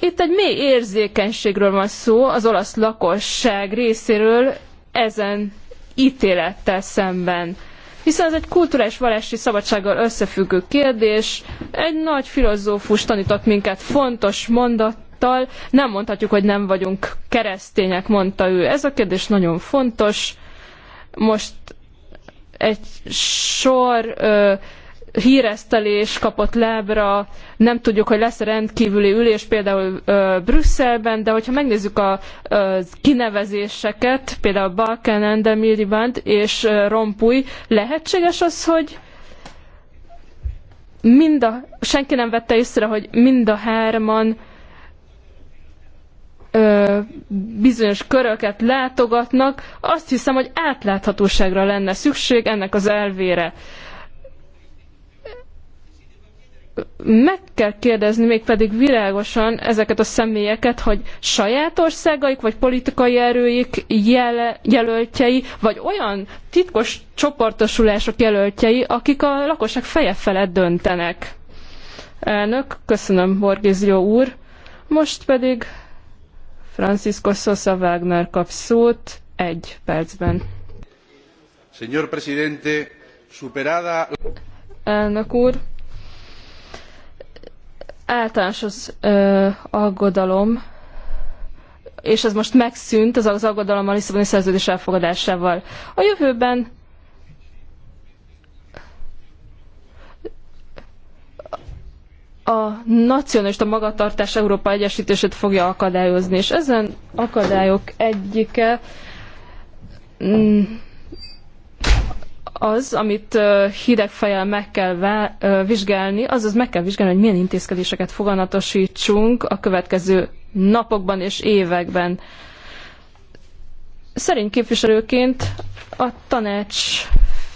C: Itt egy mély érzékenységről van szó az olasz lakosság részéről, ezen ítélettel szemben. Hiszen ez egy kulturális vallási szabadsággal összefüggő kérdés. Egy nagy filozófus tanított minket fontos mondattal. Nem mondhatjuk, hogy nem vagyunk keresztények, mondta ő. Ez a kérdés nagyon fontos. Most egy sor ö, híresztelés kapott lábra, nem tudjuk, hogy lesz rendkívüli ülés például ö, Brüsszelben, de hogyha megnézzük a ö, kinevezéseket, például Balkán band és ö, Rompuy, lehetséges az, hogy mind a, senki nem vette észre, hogy mind a hárman ö, bizonyos köröket látogatnak, azt hiszem, hogy átláthatóságra lenne szükség ennek az elvére. Ö, meg kell kérdezni mégpedig világosan ezeket a személyeket, hogy saját országaik, vagy politikai erőik jel jelöltjei, vagy olyan titkos csoportosulások jelöltjei, akik a lakosság feje felett döntenek. Elnök, köszönöm Borgizio úr. Most pedig Francisco Sosa Wagner kap szót egy percben.
B: Señor Presidente, superada...
C: Elnök úr, általános az ö, aggodalom, és ez most megszűnt, ez az aggodalom a Lisszaboni szerződés elfogadásával. A jövőben a nacionalista magatartás Európa Egyesítését fogja akadályozni, és ezen akadályok egyike mm, az, amit fejjel meg kell vizsgálni, azaz meg kell vizsgálni, hogy milyen intézkedéseket foganatosítsunk a következő napokban és években. Szerény képviselőként a tanács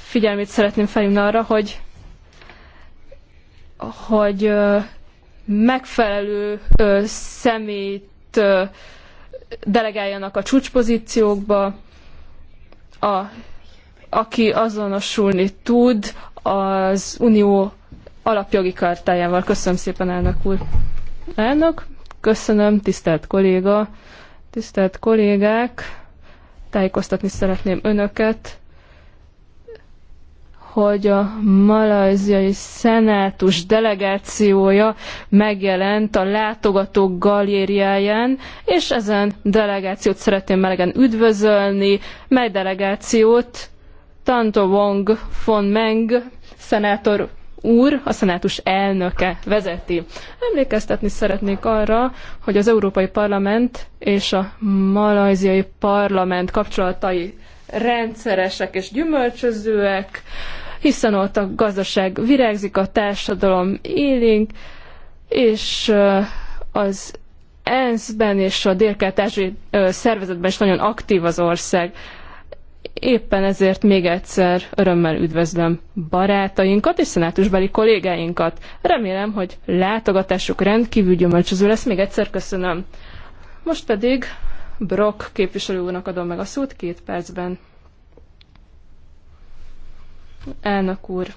C: figyelmét szeretném felhívni arra, hogy hogy megfelelő szemét delegáljanak a csúcspozíciókba, a aki azonosulni tud az Unió alapjogi kartájával. Köszönöm szépen, elnök úr. Elnök, köszönöm, tisztelt kolléga, tisztelt kollégák, tájékoztatni szeretném önöket, hogy a malajziai szenátus delegációja megjelent a látogatók galériáján, és ezen delegációt szeretném melegen üdvözölni, mely delegációt Tanto Wong von Meng szenátor úr, a szenátus elnöke vezeti. Emlékeztetni szeretnék arra, hogy az Európai Parlament és a malajziai parlament kapcsolatai rendszeresek és gyümölcsözőek, hiszen ott a gazdaság virágzik, a társadalom élénk, és az ENSZ-ben és a délkelet szervezetben is nagyon aktív az ország. Éppen ezért még egyszer örömmel üdvözlöm barátainkat és szenátusbeli kollégáinkat. Remélem, hogy látogatásuk rendkívül gyümölcsöző lesz. Még egyszer köszönöm. Most pedig Brock képviselő úrnak adom meg a szót két percben. Elnök úr.